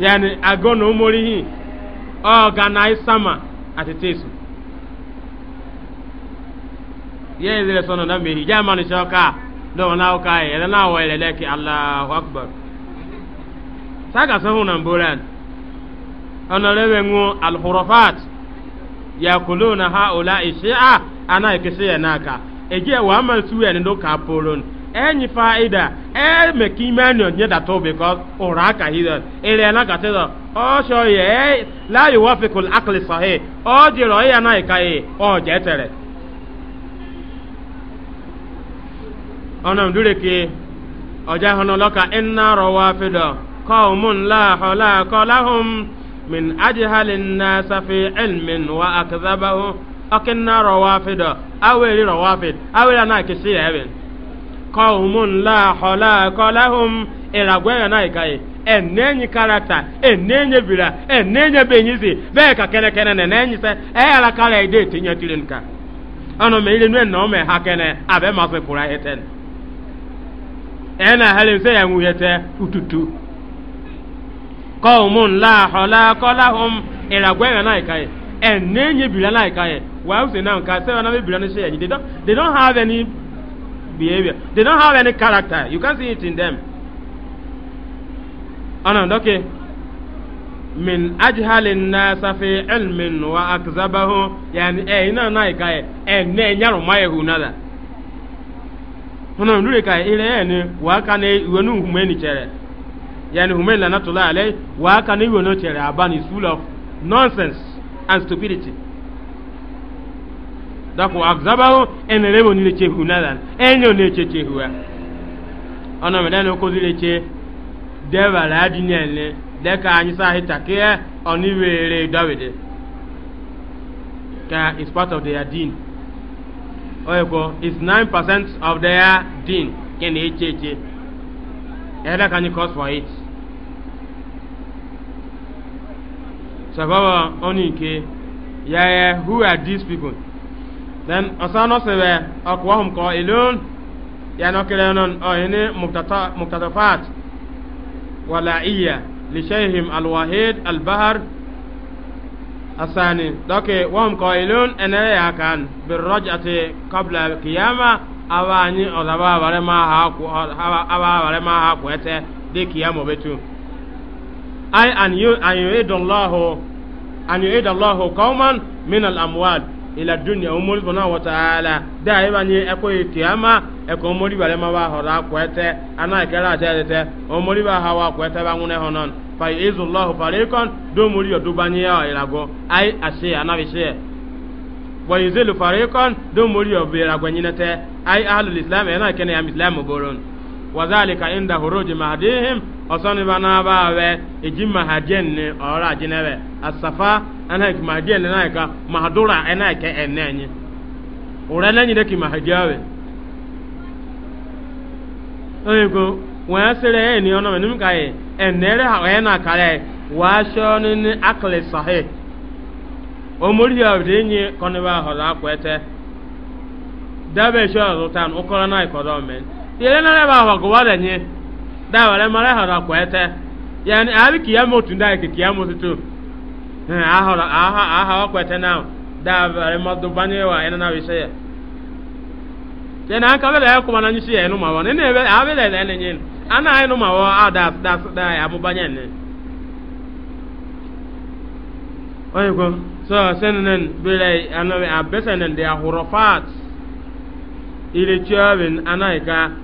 yani agono mori hi organize sama atitesu ye dire sono na mehi jamani shoka do na ukai ele na wa leki allahu akbar saka sahuna mbulan ana lewe ngu al khurafat yakuluna haula shi'a ana ikisiya naka eje wa amal suwe ni ndo kapolon enyi faida e meki imani onye da to because ora aka hidan ele na ka tedo o sho ye la yuwafiqu al aqli sahih o jiro ya na ikai o jetere ona mdure ke ọjà hàn lọ́ka ẹ̀ ń ná rọwà fẹ́dọ̀. قوم لا خلاق لهم من أجهل الناس في علم وأكذبه أكن روافد أو روافد أو أنا كسي أبن قوم لا خلاق لهم إلى غير نايكاي bira, bee ka kene se eyala kala tiri nka na ọma ha kene abe masị kwụrụ ahịa se ya qaumun la khalaqa lahum ila gwe na ikai en ne nye bila na ikai wa use na nka se na bila na shey they don't they don't have any behavior they don't have any character you can see it in them ana ndoke min ajhali nnasa fi ilmin wa akzabahu yani e ina na ikai en eh, ne nyaru mai hunada ona ndure kai ile ene eh, wa kana iwe nu humeni chere yani humayn lanatullah alayhi wa kan iwo no tere aban is full of nonsense and stupidity dako akzabahu enelebo ni leche hunadan enyo ne cheche huwa ono medano ko leche deba la dinene deka anyi sa hitake oni were dawide ka is part of their deen oyeko is 9% of their deen kene cheche era kan cause for it sababa oni ke ya ya who are these people then asano sebe akwahum qailun ya no kele non o ene muktata muktatafat wala iya li shayhim alwahid albahar asani doke wahum qailun ene ya kan birrajati qabla alqiyama awani olaba bare ma ha ku aba bare ma ha ku ete de kiyamo betu ay an yu an yu'idu Allahu an yu'idu Allahu qauman min al-amwal ila dunya umul bana wa ta'ala da iba ni eko kiyama eko mori bare ma ba ana ikara jete omori ba hawa kwete ba ngune honon fa yu'izu Allahu fariqan do mori wazalika inda huruji mahdihim osoni bana bawe eji mahadiyen ne ora jinebe asafa ana ki mahdiyen ne naika mahdura ana ke enenye ora nanyi de ki mahdiyawe oyego wa sere ni ono menim kai enere ha ena kare wa shoni ni akli sahih omori ya de nyi koniba hola kwete dabe sho rutan ukora na ikodomen yele na le ba wa go wala nye da wala mara ha ra kwete yani abi kiyamo tunda ke kiyamo situ eh ahora aha aha kwete na da wala madu banye wa ena na wise ya na ka bele ko na nyisi enu ma wona ne be abele le ne nyin ana enu ma wo ada da da ya bu banye ne oyi ko so senen bele anabe abesenen de ahurafat ile chawin anaika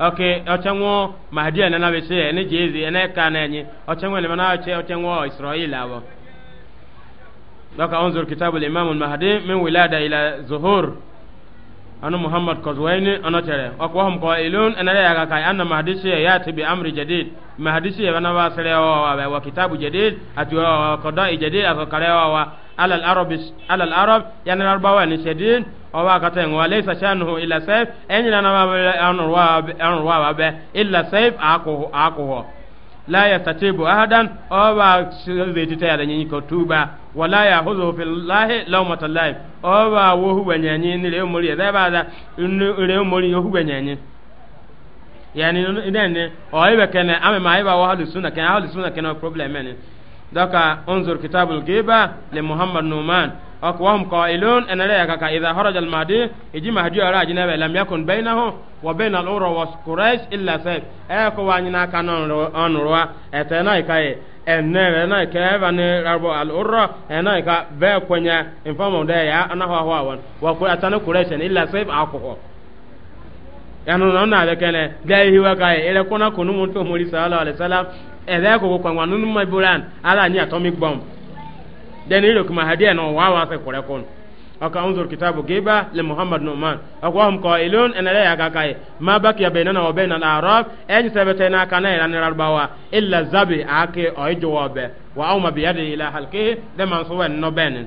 oke ochenwo mahdi ene na bese ene jezi ene ka na enyi ochenwo ene na oche ochenwo israel awo doka onzur kitabul imam al mahdi min wilada ila zuhur anu muhammad kozwaini ana tere akwa hum qailun ana ya ga kai anna mahdi shi ya tibi amri jadid mahdi shi bana ba sare wa wa kitabu jadid atu qada'i jadid aka kare wa ala al arab ala al arab yani arbawa ni shadid owa kata ngo alaysa shanuhu illa sayf enina na mabele anurwa anurwa babe illa sayf ako ako la yastatibu ahadan owa zejita yada nyinyi ko tuba wala ya huzu fillahi lawmata laif owa wo huwa nyanyi ni le muri da ba da le muri yo huwa nyanyi yani ndene o ibe kene ame ma iba wa halu sunna kene halu sunna kene problem ene daka unzur kitabul giba li muhammad numan أقوام قائلون أن لا يكاك إذا خرج المهدي يجي مهدي على جنابه لم يكن بينه وبين الأورى وقريش إلا سيف أكو أننا كان أنروا أتنا إكاي أننا أنا كأبن رب الأورى أنا إكا بيكونيا إن فما ده يا أنا هو هو وان وقول أتنا قريش إلا سيف أكو yanu na na bekene dai hiwa kai ele kona kunu muntu muri sallallahu alaihi wasallam ele ko kwa ngwanu mabulan ala ni atomic bomb den ilo kuma hadiya no wa wa sai kore kon aka unzur kitabu giba li muhammad numan akwa hum qailun ana la yaka kai ma baki ya bainana wa bainal arab en sabatena kana ila ni rarbawa illa zabi ake o jowabe wa awma bi yadi ila halqihi de man suwa no benin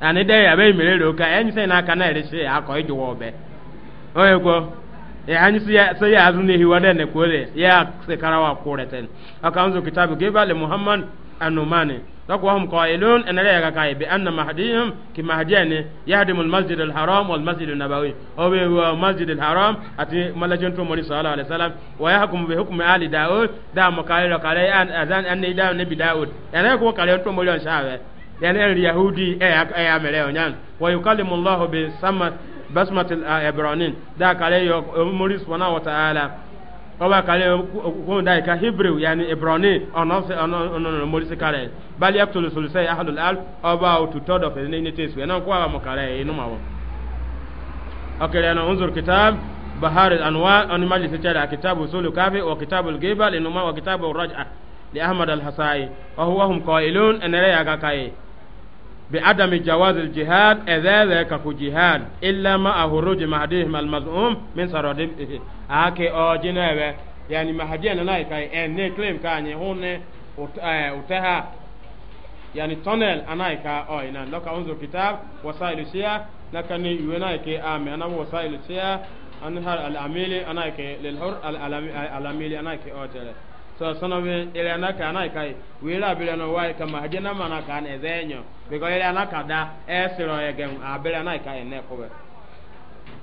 ani de ya bai mere ro ka en sai na kana ire shi ako jowabe oye oh, ko yani sai ya azune hiwa da ne kore ya se karawa kore ten aka unzur kitabu giba li muhammad anumani وهم قائلون أن لا يقع بأن مهديهم كمهديان يهدم المسجد الحرام والمسجد النبوي أو المسجد الحرام أتي ملجن تومري صلى الله عليه وسلم ويحكم بحكم آل داود دا مقالي لقالي أن أذان أن إلى نبي داود يعني يقول قالي تومري أن شعبه يعني اليهودي أي عمله يعني ويكلم الله بسمة بسمة العبرانين دا قالي يمري سبحانه وتعالى oba kale ko dai ka hebrew yani ibrani ono se ono ono mori se kale bali yaqtulu sulusai ahadul alf oba utu todo fe ne ne tesu yana ko aba makale inu mawo akere na unzur kitab bahar al anwa mali se tara kitabu sulu kafi wa kitabul gibal inu ma kitabu raj'a li ahmad al hasai wa huwa hum qailun an raya بعدم جواز الجهاد اذا كو جهاد إلا ما أهروج مهديهم المزعوم من سرادبه اكي او جنبه يعني مهدي انا لايك ان كليم كاني هون وتها يعني تونل انايكا او ان لك انظر كتاب وسائل السيا لكن يونايكي امي أنا وسائل السيا انهار الاميلي انايكي للحر الاميلي انايكي او تلك so sono be ele na ka na kai we la bele no wai ka ma na mana ka na ze nyo be ko ele na ka da e siro ye gem a bele na kai ne ko be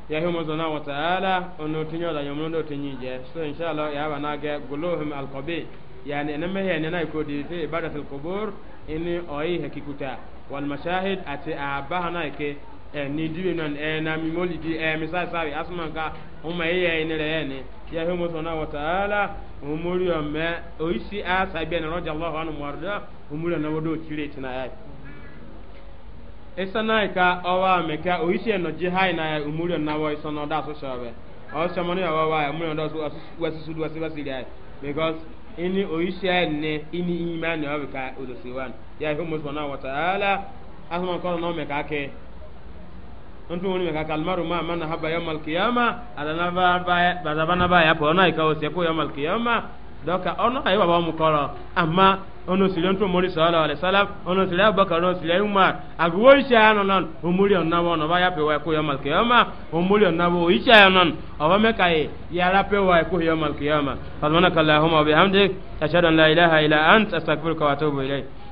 ya himu zona wa taala onu tinyo da yomu ndo tinyi je so inshallah ya bana ge guluhum al qabi yani ne me he ne na ko di te ibadatul qubur ini oyi hakikuta wal mashahid ati na ke Eh, ni diwe non na eh, mi molidi e eh, mi sa sabi asman ka umma ye ye ne re ne ya he mo sona wa taala umuri o me o isi a sabi ne roja allah anu marda na wodo chire na ya esana ka owa me ka o isi no ji hai na na wo no da so o so mo ni wa wa no so su ya because ini o isi ne ka o do ya he mo sona wa ontu woni ka kalmaru ma man haba yawmal qiyama adana ba ba ba ya po na ikawo se ko yawmal qiyama doka ono ayi baba mu koro amma ono sile ontu mori sallallahu alaihi wasallam ono sile abakar ono sile umar agwo isha ano non omuri onna wo ba ya pe wa ko yawmal qiyama omuri onna wo isha ano non awa me kai ya la pe wa ko yawmal qiyama subhanakallahumma wa bihamdik ashhadu an la ilaha illa anta astaghfiruka wa atubu ilayk